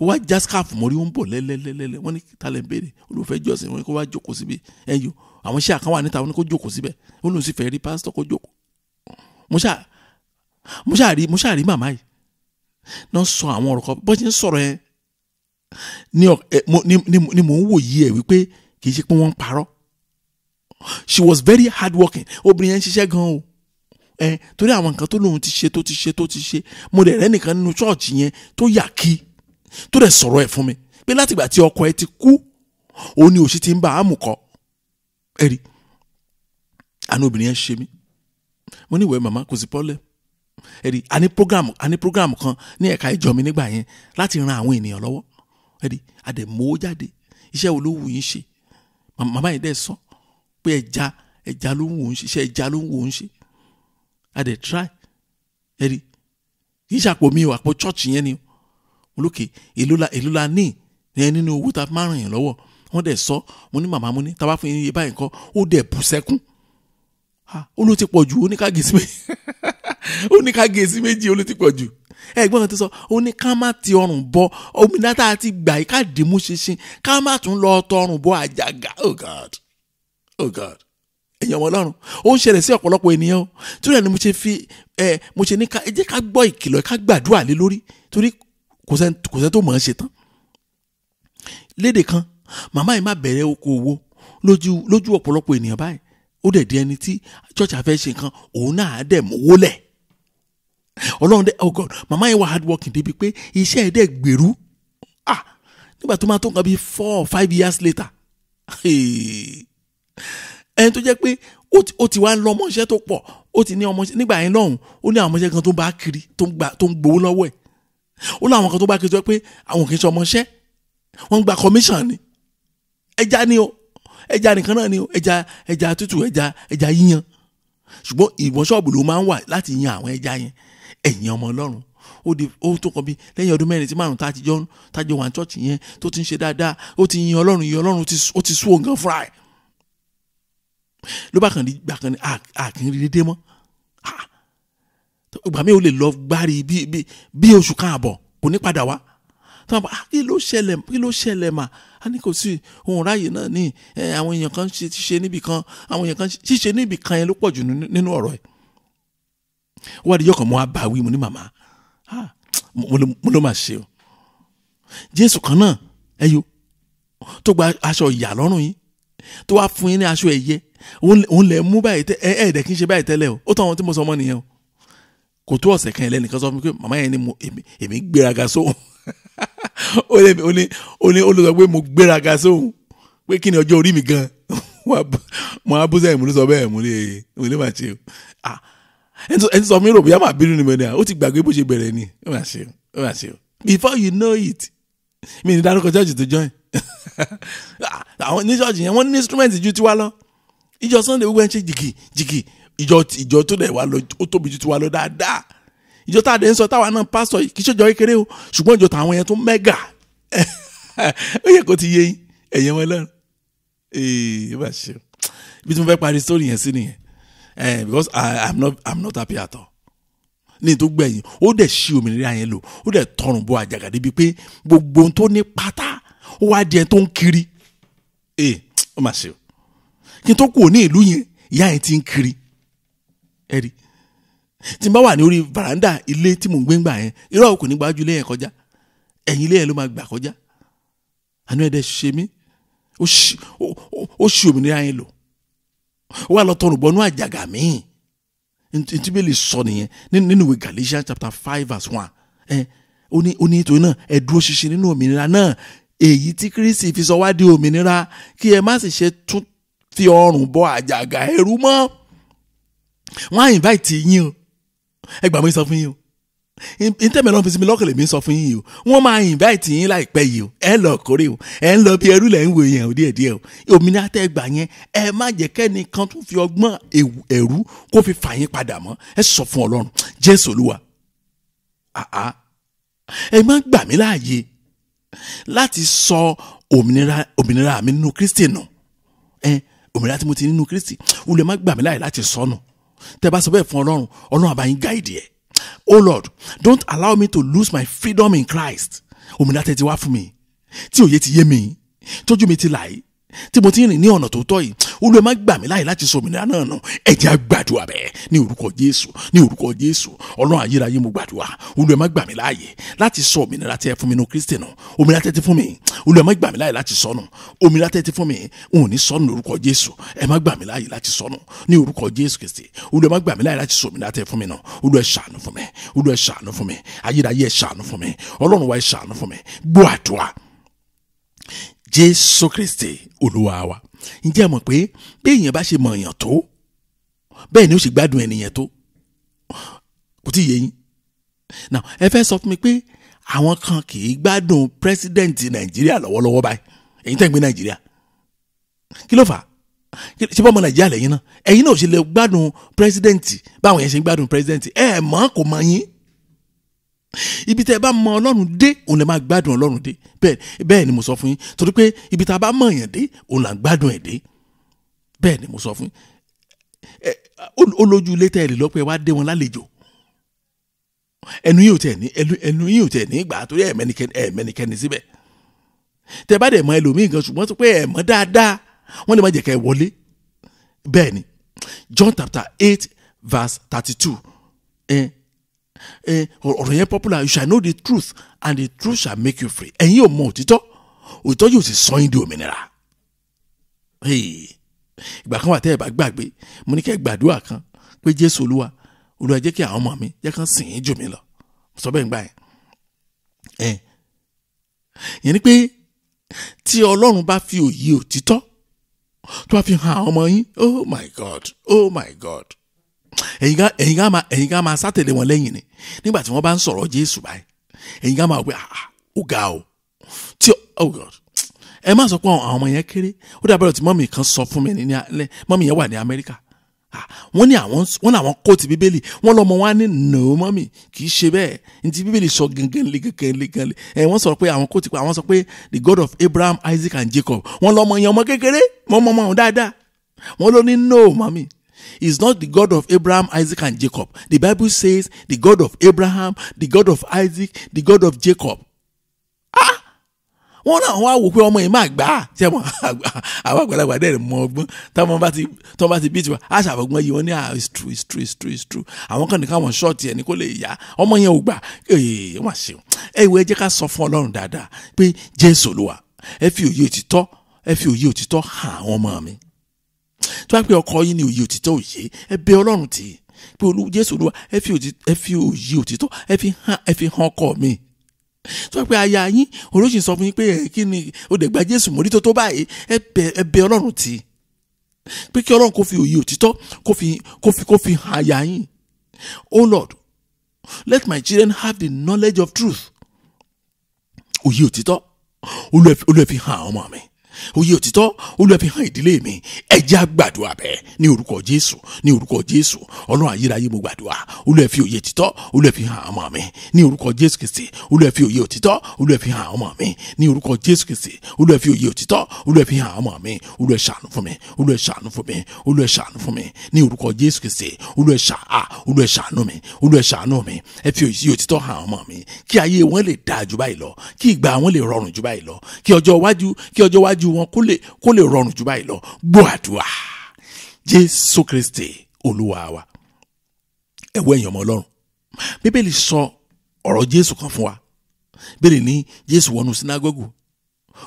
wá já scarf mọ́rí ó bọ̀ lẹ́lẹ́lẹ́lẹ́ wọ́n ní talẹ̀ ń béèrè olùfẹ́ jọ́sìn wọn kó wá jókòó síbi ẹ̀yọ́ àwọn iṣẹ́ àkànwà níta wọn kó jókòó síbẹ̀ ó lóun sì fẹ́ rí pásítọ̀ kó jókòó mo rí mo rí màmá yìí náà sọ àwọn ọ̀rọ̀ kan bó ṣe ń sọ̀rọ̀ yẹn ni mò ń wòye ẹ̀ wípé kì í ṣe pé wọ́n ń parọ́ she was very hardworking obìnrin yẹn ń ṣiṣẹ́ gan-an o ẹ torí àwọn nǹkan tó lóun ti ṣe tó ti ṣe tó ti ṣe mo dẹ̀ rẹ́ nìkan nínú ṣọ́ọ̀ṣì tó dẹ̀ sọ̀rọ̀ ẹ̀ fún mi pé látìgbà tí ọkọ ẹ ti kú òun ni òṣì ti ń bá àmù kọ ẹ rí àánú obìnrin yẹn ṣe mí mo ní ìwé màmá kò sí pọ́lẹ̀ ẹ rí a ní program a ní program kan ní ẹ̀ka ìjọ mi nígbà yẹn láti ran àwọn ènìyàn lọ́wọ́ ẹ rí a mọ́ jáde iṣẹ́ wo ló wù yín ṣe màmá yìí dẹ̀ sọ pé ẹja ẹja ló ń wò ń ṣe iṣẹ́ ẹja ló ń wò ń ṣe a try ẹ rí kì í ṣàpò mi ò àpò church yẹn olókè èló la èló la ní yẹn nínú owó tá a máa ràn yàn lọ́wọ́ wọ́n dẹ̀ sọ mo ní màmá mo ní tábà fún iye báyìí kọ́ ó dẹ̀ bú sẹ́kún ó ló ti pọ̀ jù ó ní ká gèsì méjì [LAUGHS] ó ní ká gèsì méjì ló ti pọ̀ jù ẹ̀gbọ́n kan ti sọ ó ní ká má ti ọrùn bọ òmìnira tá a ti gbà yìí ká dìímú ṣinṣin ká má tún lọ tọrùn bọ àjàgà oh god oh god èèyàn ọmọ ọlọ́run ó ń ṣẹlẹ̀ sí ọ̀pọ̀lọpọ̀ ènìyàn o torí ẹ̀ ni mo ṣe fi ẹ mo ṣe ní ká ẹ jẹ́ ká gbọ́ ìkìlọ̀ ká gbàdúrà lé lórí torí kò sẹ́ni tó mọ̀ ọ́n ṣe tán léde kan màmá yìí má bẹ̀rẹ̀ okòwò lójú lójú ọ̀pọ̀lọpọ̀ ènìyàn báyìí ó dẹ̀ di ẹni tí church afẹ́ ṣe nǹkan òun náà á dẹ̀ mówó lẹ̀ ọlọ́run dẹ̀ oh God màmá yìí wà hard working débi pé iṣẹ́ ẹ̀ dẹ̀ gbèrú ah nígbà tó máa tó nǹkan bíi four or five years later ẹni tó jẹ́ pé ó ti wá ń lọ ọmọọṣẹ́ tó pọ̀ ó ti ní ọmọọṣẹ́ nígbà yẹn lọ́hùn ó ní àwọn ọmọọṣẹ́ kan tó ń bá kiri tó ń gbowó lọ́wọ́ ẹ̀ ó láwọn kan tó bá kí n sọ pé àwọn kì í sọ ọmọọṣẹ́ wọ́n ń gba commission ni ẹja ni o ẹja nìkan náà ni o ẹja ẹja tútù ẹja ẹja yíyan ṣùgbọ́n ìwọ̀n ṣọ́ọ̀bù ló máa ń wà láti yan àwọn ẹja yẹn ẹ̀yin ọmọ ọlọ́run ó di ó tó kan bí lẹ́yìn ọdún mẹ́rin tí márùn tá a ti jọ tá wà ní chọ́ọ̀chì yẹn tó ti ń ṣe dáadáa ó ti yin ọlọ́run yin ọlọ́run ó ti sú òǹkan fúnra ẹ̀ ló bá kàn ní gbà kan ní àkínrí dédé mọ́ ìgbà mi ò lè lọ gbárí bí bí bí oṣù kan àbọ̀ kò ní padà wá tí wọn bá ah, kí ló ṣẹlẹ̀ kí ló ṣẹlẹ̀ mà á ní kò sí òun ráàyè náà ní àwọn èèyàn kan ti ṣe níbì kan àwọn èèyàn kan ṣíṣe níbì kan yẹn ló pọ̀ jù nínú ọ̀rọ̀ ẹ̀ wọ́n àdìyọ́ kan mo á bá wí mo ní màmá ah, mo ló mà ṣe o jésù kan náà ẹyọ tó gba aṣọ ìyà lọ́rùn yìí tó wá fún yín ní aṣọ ẹ̀yẹ òun lè mú báyìí ẹ̀ ẹ̀ẹ́dẹ̀ kí n ṣe báyìí tẹ́lẹ̀ o ó tọ́ àwọn tí mo sọ ọmọ nìyẹn o kò tó ọ̀sẹ̀ kan ẹlẹ́nìkan sọ fún mi pé màmá yẹn ni èmi gbéraga sóhun [LAUGHS] ó ní olùsọ pé mo gbéraga sóhun pé kí ni ọjọ́ orí mi gan [LAUGHS] mo á bú sẹ́yìn mo ló sọ bẹ́ẹ̀ mo lè mo lè má ṣe o ẹni sọ mi rò bóyá màá bínú ni mo ní à ó ti gbàgbé bó ṣe bẹ̀rẹ̀ ni ó má ṣe o ó má ṣe o before you know it mi ní dárúkọ church tó join [LAUGHS] àwọn ní church yẹn wọ́n ní instrument ju tiwa lọ ìjọ sunday gbogbo ẹ̀ ń ṣe jìgì jìgì ìjọ ìjọ tó dẹ̀ wá lọ ó tóbi ju tiwa lọ dáadáa ìjọ tá a dẹ̀ ń sọ táwa náà pásítọ̀ yìí kì í ṣèjọ kékeré o ṣùgbọ́n ìjọ táwọn yẹn tó mẹ́gà [LAUGHS] ó yẹ kó ti yé yín ẹ̀yẹ wọn lẹ́nu ee bá ṣe ibi tí mo fẹ́ parí story yẹn sí nìyẹn eh because I, I'm not I'm not happy at all ní ètò gbẹ̀yìn ó dẹ̀ ṣí òmìnira yẹn lò ó dẹ̀ tọrùn bọ àjàgà débi pé gbogbo ohun tó ní pátá ó wá di ẹni tó ń kiri ee ó mà ṣe o kí n tó kú òní ìlú yẹn ìyá yẹn ti ń kiri ẹ̀rí tí n bá wà ní orí veranda ilé tí mò ń gbé ń gbà yẹn irọ́ kò ní gbájú ilé yẹn kọjá ẹ̀yìn ilé yẹn ló máa gbà kọjá àánú ẹ̀dẹ̀ ṣe mí ó ṣì òmìnira yẹn lò ó wà lọ tọrùn àjàgà míì ntí bẹ́ẹ̀ lè sọ nìyẹn nínú ìwé Galatians chapter five verse one ẹ ó ní ó ní ètò náà ẹ dúró ṣinṣin nínú òmìnira náà èyí tí Kristi fi sọ wá di òmìnira kí ẹ má sì ṣe tún fi ọrùn bọ àjàgà ẹrú mọ́ wọ́n á invite yín o ẹ gbà mí sọ fún yín o ntẹ́mi ẹ̀rọ fisimi lọ́kẹ̀lẹ̀ mi sọ fún yín o wọ́n máa invite yín láìpẹ́ yìí o ẹ lọ kórè o ẹ ń lọ bí ẹrú lẹ̀ ń wo yẹn o díẹ̀ díẹ̀ o òmìnira tẹ́ gbà yẹn ẹ má jẹ́ kẹ́nìkan tún fi ọgbọ́n ẹ̀rú kó fi fà yín padà mọ́ ẹ sọ fún ọlọ́run jésù olúwa àá ẹ má gbà mí láàyè láti sọ òmìnira òmìnira mi nínú kristi nù ẹ òmìnira tí mo ti nínú kristi olùyẹ má gbà mí láàyè láti sọ nù. No tẹ́ bá sọ bẹ́ẹ̀ fún ọlọ́run ọlọ́run àbáyín gáìdì ẹ̀ oh lord don't allow me to lose my freedom in christ òmìnira tẹ́ ti wá fún mi tí òye ti yé mi tójú mi ti là tí mo ti rìn ní ọ̀nà tó tọ́ yìí olúwa má gbà mí láàyè láti sọmìnira náà nù ẹ̀jẹ̀ àgbàdua bẹ́ẹ̀ ní orúkọ jésù ní orúkọ jésù ọlọ́run ayérayé mo gbàdúrà olúwa má gbà mí láàyè láti sọ òmìnira tẹ́ fún mi nù kristi nù òmìnira tẹ́ ti fún mi olúwa má gbà mí láàyè láti sọnù òmìnira tẹ́ ti fún mi n ò ní sọnù ní orúkọ jésù ẹ má gbà mí láàyè láti sọnù ní orúkọ jésù kristi olúwa má gbà mí láàyè láti sọ òmìnira tẹ́ fún mi nù olúwa ṣàánú fún mi olúwa ṣàánú fún mi ayérayé ṣàánú fún mi ọlọ́run jésù kristi olúwa wa ǹjẹ́ ẹ mọ̀ pé bí èèyàn bá ṣe mọ̀ èèyàn tó bẹ́ẹ̀ ni ó sì gbádùn ènìyàn tó kò tí ì yé yín now ẹ fẹ́ sọ fún mi pé àwọn kan kì í gbádùn president nàìjíríà lọ́wọ́lọ́wọ́ báyìí èyí tẹ̀ ń gbé nàìjíríà kí ló fà á ṣé bọ́ ọmọ nàìjíríà lẹ́yìn náà ẹ̀yin náà ò ṣe lè gbádùn president báwọn yẹn ṣe ń gbádùn president ẹ̀ mọ̀ kò mọ̀ yín ibi tẹ́ ẹ bá mọ ọlọ́run dé òun lè máa gbádùn ọlọ́run dé bẹ́ẹ̀ bẹ́ẹ̀ ni mo sọ fún yín torí pé ibi tá a bá mọ̀ yàn dé òun là ń gbádùn ẹ̀ dé bẹ́ẹ̀ ni mo sọ fún yín olójú ilé tẹ́ ẹ lè lọ́pẹ́ wá dé wọn lálejò ẹnu yìí ò tẹ̀ ní ẹnu yìí ò tẹ̀ ní gbà torí ẹ̀mẹ́nikẹ́ni síbẹ̀ tẹ́ bá dẹ̀ mọ ẹlòmíì gan ṣùgbọ́n tó pé ẹ̀mọ́ dáadáa wọ́n lè má jẹ́ kẹ́ ẹ wọlé bẹ́ẹ̀ ni John chapter eight verse thirty-two Eh, ọ̀rọ̀ yẹn popular you shall know the truth and the truth shall make you free ẹ̀yin ò mọ òtítọ́ òtítọ́ yóò sì sọ yín di òmìnira ìgbà kan wà tẹ́ ẹ bá gbàgbé mo ní kẹ́ gbàdúrà kan pé jésù olúwa olúwa jẹ́ kí àwọn ọmọ mi jẹ́ kán sìn yín jù mí lọ mo sọ bẹ́ẹ̀ ń gbà yẹn yẹn ni pé tí ọlọ́run bá fi òye òtítọ́ tó bá fi hàn àwọn ọmọ yín oh my god oh my god ẹ̀yin ká ẹ̀yin ká máa ẹ̀yin ká máa sátẹ̀lé wọn lẹ́yìn ni nígbà tí wọ́n bá ń sọ̀rọ̀ Jésù báyìí ẹ̀yin ká máa pé ah, ó ga o tí oh God ẹ má sọ pé àwọn ọmọ yẹn kéré ó dàbẹ̀rẹ̀ tí mọ́mì kan sọ fún mi ní mọ́mì yẹn wà ní Amẹ́ríkà ah, wọ́n ní àwọn wọ́n ní àwọn kóòtù bíbélì wọ́n lọ́mọ wa ní no mọ́mì kì í ṣe bẹ́ẹ̀ ntí bíbélì sọ ganganle ganganle ganganle ẹ wọ́n sọ pé àwọn kóòtù pé àwọn sọ pé the God of Abraham Isaac and Jacob wọ́n lọ́mọ yẹn ọmọ kékeré mọ́mọ́mọ́ dáadáa wọ́n ló ní no mọ́mì is not the God of Abraham, Isaac, and Jacob. The Bible says the God of Abraham, the God of Isaac, the God of Jacob. Ah! wọ́n náà wọ́n á wò pé ọmọ yìí máa gbà á ṣe mọ́ àwọn àgbàlagbà dẹ̀ mọ ọgbọ́n táwọn bá ti tọ́ bá ti bí tiwa á ṣàfọ̀gbọ́n yìí wọ́n ní ah it's true it's true it's true it's true àwọn kan ní káwọn ṣọ́ọ̀tì ẹ̀ ní kó lè yá ọmọ yẹn ò gbà ee wọ́n ṣeun ẹ ìwé ẹ jẹ́ ká sọ fún Ọlọ́run dáadáa pé Jésù Olúwa ẹ fi òye òtítọ́ ẹ fi òye òtítọ́ hàn àwọn ọmọ mi tó bá pé ọkọ yín ní òye òtítọ́ òye ẹ bẹ ọlọ́run tì í pé olú jésù olúwa ẹ fi òye òtítọ́ ẹ fi hàn ẹ fi hàn ọkọ mi tó bá pé aya yín olóṣèlú sọ fún yín pé ẹ kí ni ó dẹ̀ gba jésù mórí tó tó báyìí ẹ bẹ ẹ bẹ ọlọ́run tì í pé kí ọlọ́run kó fi òye òtítọ́ kó fi kó fi kó fi hàn aya yín oh lord let my children have the knowledge of truth òye òtítọ́ olú ẹ fi hàn ọmọ mi òye òtítọ́ Olúwa fi hàn ìdílé mi ẹ jẹ́ a gbàdúrà bẹ́ẹ̀ ní orúkọ Jésù ní orúkọ Jésù Ọlọ́run ayérayé mo gbàdúrà Olúwa fi òye òtítọ́ Olúwa fi hàn ọmọ mi ní orúkọ Jésù Kristi Olúwa fi òye òtítọ́ Olúwa fi hàn ọmọ mi ní orúkọ Jésù Kristi Olúwa fi òye òtítọ́ Olúwa fi hàn ọmọ mi Olúwa ṣàánú fún mi Olúwa ṣàánú fún mi Olúwa ṣàánú fún mi ní orúkọ Jésù Kristi Olúwa mi Olúwa mi ẹ fi òye òtítọ́ hàn ọmọ mi kí ayé wọn lè dáa ju báyìí lọ kí ìgbà wọn lè rọrùn ju báyìí lọ kí ọjọ́ iwájú kí ọjọ́ iwájú ìtọ́jú wọn kó lè kó lè rọrùn jù báyìí lọ gbọ́ àdúrà jésù kristi olúwa wa ẹ̀wọ́ ẹ̀yàn ọmọ ọlọ́run bíbélì sọ ọ̀rọ̀ jésù kan fún wa bíbélì ní jésù wọnú sinagogu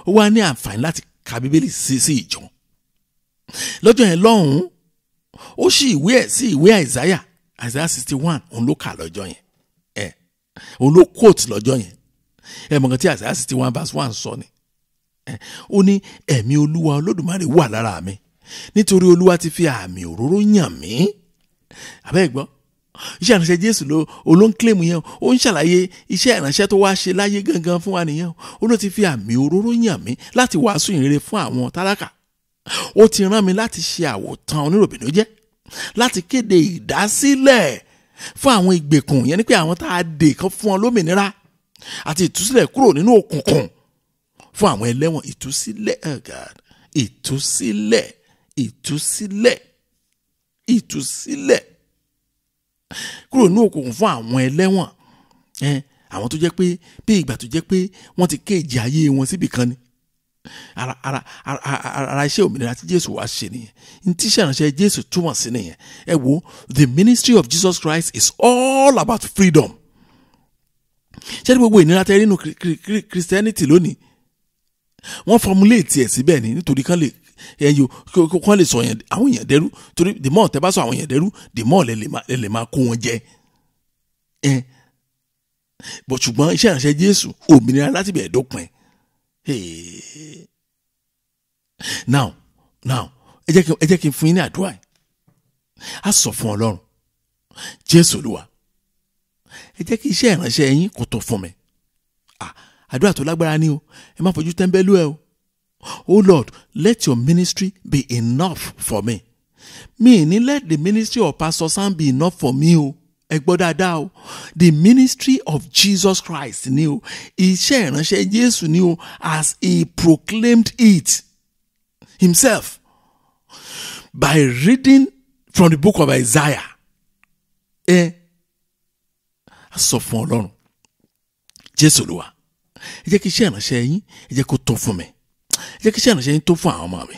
ó wá ní àǹfààní láti ka bíbélì sí sí ìjọ lọ́jọ́ yẹn lọ́hùn-ún ó ṣí ìwé ẹ̀ sí ìwé àìsáyà àìsáyà sixty one òun ló kà lọ́jọ́ yẹn ẹ̀ òun ló quote lọ́jọ́ yẹn ẹ̀ mọ̀gàn tí àìsáyà sixty one verse one sọ ni ó ní ẹ̀mí olúwa olódùmarè wà lára mi nítorí olúwa ti fi àmì òróró yàn mí àbẹ́ gbọ́ iṣẹ́ ìránṣẹ́ jésù ló olóńkìlẹ̀mù yẹn ó ń ṣàlàyé iṣẹ́ ìránṣẹ́ tó wá ṣe láyé gangan fún wa nìyẹn ó ló ti fi àmì òróró yàn mí láti wàásù ìrere fún àwọn tálákà ó ti rán mi láti ṣe àwòtán oníròbìnújẹ́ láti kéde ìdásílẹ̀ fún àwọn ìgbèkùn yẹn ni pé àwọn tá a dè kan fún ọ lómìnira àti ìtúsílẹ̀ kúrò nínú òkùnkùn fún àwọn ẹlẹ́wọ̀n ìtúsílẹ̀ oh ìtúsílẹ̀ ìtúsílẹ̀ ìtúsílẹ̀ kúrò ní òkùnkùn fún àwọn ẹlẹ́wọ̀n àwọn tó jẹ́ pé bí ìgbà tó jẹ́ pé wọ́n ti kéèjì ayé wọn síbì kan ni ara ara ara iṣẹ́ òmìnira tí Jésù wá ṣe nìyẹn ní tí ìṣàránṣẹ́ Jésù túmọ̀ sí nìyẹn ẹ wo the ministry of Jesus Christ is all about freedom ṣé ní gbogbo ìnira tẹ́ rí nínú Christianity lónìí wọ́n formulate ẹ̀ síbẹ̀ ni nítorí kán lè ẹyin kán lè sọ àwọn èèyàn dẹ́rú torí the more tẹ́ bá sọ àwọn èèyàn dẹ́rú the more lẹ lè máa kó wọn jẹ ẹ bọ̀ ṣùgbọ́n iṣẹ́ ìránṣẹ́ Jésù òmìnira láti bẹ̀ẹ́ dópin now now ẹ jẹ́ kí n fún yín ní àdúrà yìí a sọ fún Ọlọ́run Jésù Olúwa ẹ jẹ́ kí iṣẹ́ ìránṣẹ́ yín kò tó fún mi àdúrà tó lágbára ni o ẹ má fojú tẹ́ńbẹ́lú ẹ o oh lord let your ministry be enough for me mi ní let the ministry of pastor sam be enough for me o ẹ gbọ́ dáadáa o the ministry of jesus christ ni o iṣẹ́ ìránṣẹ́ jésù ni o as he proclaimed it himself by reading from the book of isaiah ẹ sọ fún ọlọ́run jésù ló wà ẹ jẹ́ kí iṣẹ́ ìránṣẹ́ yín ẹ jẹ́ kó tó fún mi ẹ jẹ́ kí iṣẹ́ ìránṣẹ́ yín tó fún àwọn ọmọ mi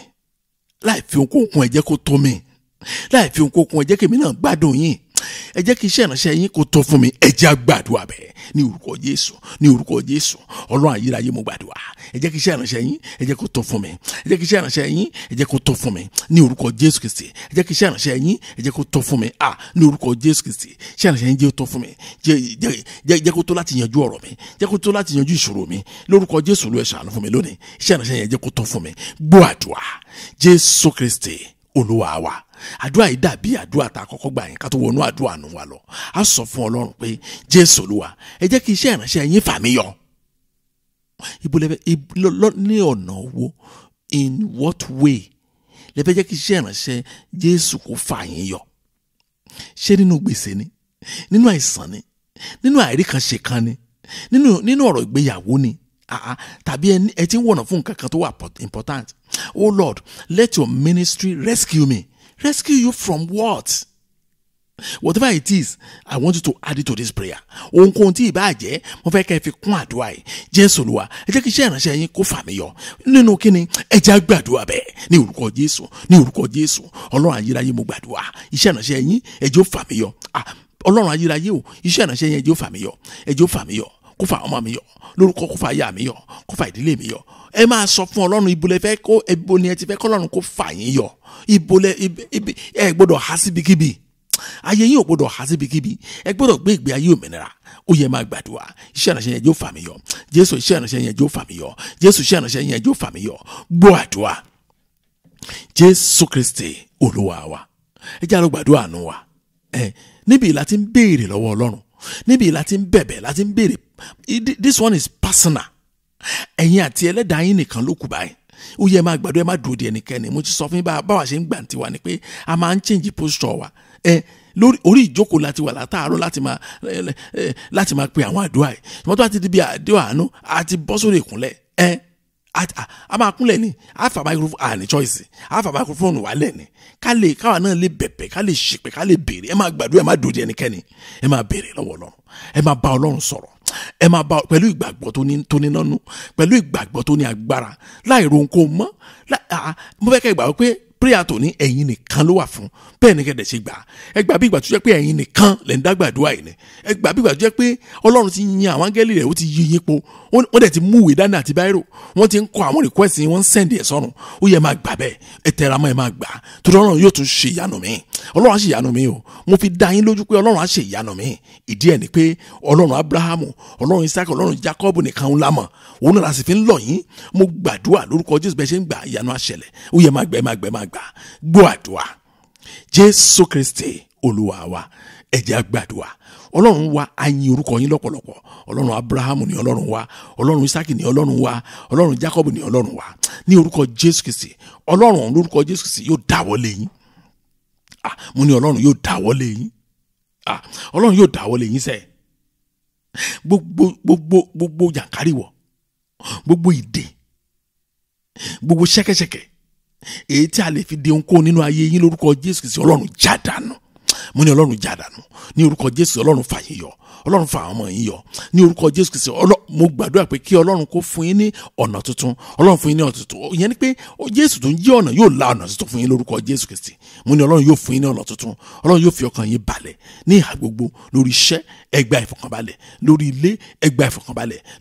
láì fi ohunkóhun ẹ jẹ́ kó tó mi láì fi ohunkóhun ẹ jẹ́ kí èmi náà gbádùn yín ẹ jẹ́ kí iṣẹ́ ìránṣẹ́ yín kó tó fún mi ẹ jẹ́ àgbàdua bẹ́ẹ̀ ní orúkọ Jésù ní orúkọ Jésù ọlọ́run ayérayé mo gbàdua ẹ jẹ́ kí iṣẹ́ ìránṣẹ́ yín ẹ jẹ́ kó tó fún mi ẹ jẹ́ kí iṣẹ́ ìránṣẹ́ yín ẹ jẹ́ kó tó fún mi ní orúkọ Jésù Kristi ẹ jẹ́ kí iṣẹ́ ìránṣẹ́ yín ẹ jẹ́ kó tó fún mi à ní orúkọ Jésù Kristi iṣẹ́ ìránṣẹ́ yín jẹ́ tó fún mi jẹ́ kó tó láti yanjú ọ̀rọ̀ mi jẹ́ kó tó láti yanjú ìṣòro mi lórúkọ Jésù ló ẹ ṣàánú fún mi lónìí iṣẹ́ ìránṣẹ́ yẹn jẹ́ kó tó fún mi gbọ́ àdúrà Jésù Kristi olúwa wa àdúrà yìí dàbí àdúrà tá a kọ́kọ́ gbà yẹn ká tó wọnú àdúrà nù wa lọ a sọ fún ọlọ́run pé jésù olúwa ẹ jẹ́ kí iṣẹ́ ìránṣẹ́ yín fà mí yọ. ibolẹ́fẹ́ ní ọ̀nà wo in what way lẹ́fẹ́ jẹ́ kí iṣẹ́ ìránṣẹ́ jésù kó fà yín yọ. ṣé nínú gbèsè ni nínú àìsàn ni nínú àìríkanṣe kan ni nínú ọ̀rọ̀ ìgbéyàwó ni tàbí ẹ ti ń wọ̀nà fún nǹkan kan tó wà important oh lord let your ministry rescue me Rescue you from what? whatever it is i want you to add it to this prayer ohunkóhun tí ìbá jẹ́ mo fẹ́ kẹ́ ẹ fi kún àdúrà yìí jésù olúwa ẹ jẹ́ kí iṣẹ́ ìránṣẹ́ yín kó fà mí yọ nínú kíni ẹ jẹ́ àgbàdua bẹ́ẹ̀ ní orúkọ jésù ní orúkọ jésù ọlọ́run ayérayé mo gbàdúrà iṣẹ́ ìránṣẹ́ yín ẹ jẹ́ ó fà mí yọ ọlọ́run ayérayé o iṣẹ́ ìránṣẹ́ yín ẹ jẹ́ ó fà mí yọ ẹ jẹ́ ó fà mí yọ kó fa ọmọ mi yọ lórúkọ kó fa aya mi yọ kó fa ìdílé mi yọ ẹ máa sọ fún ọlọ́run ibo lẹ fẹ́ kó ibo ni ẹ ti fẹ́ kọ́lọ́run kó fa yín yọ ibo lẹ ibi ẹ gbọ́dọ̀ há síbikíbi ayé yín ò gbọ́dọ̀ há síbikíbi ẹ gbọ́dọ̀ gbé ìgbé ayé òmìnira ó yẹ máa gbàdúrà iṣẹ́ ìránṣẹ́ yẹn jó fà mí yọ jésù iṣẹ́ ìránṣẹ́ yẹn jó fà mí yọ jésù iṣẹ́ ìránṣẹ́ yẹn jó fà mí yọ gbọ́ àdúrà jésù kristi olúwa wa ẹ jẹ́ àlọ́ nù wa ẹ níbi ìlà ti ń béèrè lọ́wọ́ ọlọ́run níbi ìlà ti ń bẹ̀bẹ̀ láti ń béèrè this one is personal ẹ̀yin àti ẹlẹ́dàá yín nìkan ló kù báyìí ó yẹ máa gbàdúrà máa dúró di ẹnikẹ́ni mo ti sọ fún yín báwa ṣe ń gbà tiwa ni pé a máa ń change posture wa ẹ lórí orí ìjókòó láti wà látàárọ̀ láti máa láti máa pe àwọn àdúrà yìí tòmọ́tò ti di bí àdúrà àánú àti bọ́ sórí ìkúnlẹ̀ ẹ a máa kúnlẹ̀ ní a fà microphone àní choice a fà microphone wálẹ̀ ní ká lè káwa náà lè bẹ̀bẹ̀ ká lè ṣèpẹ́ ká lè béèrè ẹ máa gbàdúrà ẹ máa dòde ẹnikẹ́ni ẹ máa béèrè lọ́wọ́ ọlọ́run ẹ máa bá ọlọ́run sọ̀rọ̀ ẹ máa bá pẹ̀lú ìgbàgbọ́ tó ní nánú pẹ̀lú ìgbàgbọ́ tó ní agbára láì ronko mọ́ mo fẹ́ kẹ́ ìgbàgbọ́ pé prayer tòní ẹ̀yin nìkan ló wà fún bẹ́ẹ̀ ni kẹ́dẹ̀ ṣe gbà ẹ gbà bí ìgbà tó jẹ́ pé ẹ̀yin nìkan lẹ̀ ń dágbà àdúrà yìí ni ẹ gbà bí ìgbà tó jẹ́ pé ọlọ́run ti yin àwọn áńgẹ́lì rẹ̀ ó ti yí yín po wọ́n dẹ̀ ti mú dání àti báírò wọ́n ti ń kọ àwọn request yín wọ́n ń sẹ́ndì ẹ̀ sọ́run ó yẹ máa gbà bẹ́ẹ̀ ẹ tẹra mọ́ ẹ máa gbà torí ọlọ́run yóò tún ṣe ìyanu mi ọlọ́run á ṣe ìyanu mi o mo fi dá yín lójú pé ọlọ́run á ṣe ìyanu mi ìdí ẹ̀ ni pé ọlọ́run abrahamu ọlọ́run isaac ọlọ́run jacob àgbà gbọ́ àdúrà jésù kristi olúwa wa ẹ jẹ́ á gbàdúrà ọlọ́run wa a yin orúkọ yín lọ́pọ̀lọpọ̀ ọlọ́run abrahamu ni ọlọ́run wa ọlọ́run isaki ni ọlọ́run wa ọlọ́run jacob ni ọlọ́run wa ní orúkọ jésù kristi ọlọ́run lórúkọ jésù kristi yóò dáwọ́ lé yín ah mo ní ọlọ́run yóò dáwọ́ lé yín ah ọlọ́run yóò dáwọ́ lé yín sẹ́ẹ̀ gbogbo gbogbo gbogbo jàǹkáríwọ̀ gbogbo ìdè gbogbo ṣẹ́kẹ́ṣẹkẹ̀ èyí tí a lè fi de ohunkóhun nínú ayé yín lórúkọ Jésù Kristi Ọlọ́run já mo ní ọlọ́run já dànù ní orúkọ jésù ọlọ́run fà yín yọ ọlọ́run fa àwọn ọmọ yín yọ ní orúkọ jésù kìí ṣe mo gbàdúrà pé kí ọlọ́run kó fún yín ní ọ̀nà tuntun ọlọ́run fún yín ní ọ̀nà tuntun ìyẹn ni pé jésù tó ń jí ọ̀nà yóò la ọ̀nà tuntun fún yín lórúkọ jésù kìí mo ní ọlọ́run yóò fún yín ní ọ̀nà tuntun ọlọ́run yóò fi ọkàn yín balẹ̀ ní ìhà gbogbo lórí iṣẹ́ ẹ gba lórí ilé ẹ gba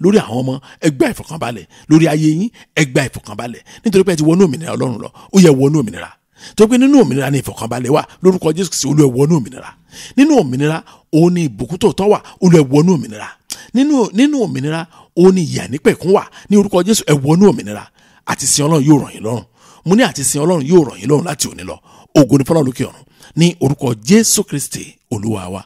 lórí àwọn ọmọ ẹ gba lórí ayé yín ẹ gba nítorí pé ẹ ti wọnú òmìnira ọlọ́run lọ ó yẹ wọnú òmìnira tó pé nínú òmìnira ni ìfọ̀kànbalẹ̀ wà lórúkọ jésù sí olú ẹ wọnú òmìnira nínú òmìnira òun ni ìbùkún tòótọ́ wà olú ẹ wọnú òmìnira nínú òmìnira òun ni ìyà nípẹ̀kún wà ní orúkọ jésù ẹ wọnú òmìnira àti sin ọlọ́run yóò ràn yín lọ́rùn mo ní àti sin ọlọ́run yóò ràn yín lọ́rùn láti òní lọ ògo ni fọlọ́run lókè ọ̀run ní orúkọ jésù kristi olúwa wa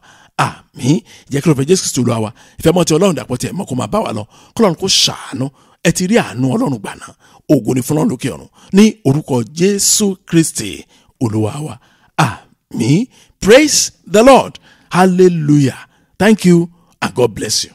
àmín jẹ́ kí ló fẹ́ jésù kristi olúwa wa ìfẹ́ mọ́ ti ọlọ́run dàpọ̀ tiẹ̀ mọ́ kó máa bá wa lọ kọ́lọ́run kó ṣàánú ẹ ti rí àánú ọlọ́run gbà náà ògo ni fún ọlọ́run lókè ọ̀run ní orúkọ jésù kristi olúwa wa àmín praise the lord hallelujah thank you and god bless you.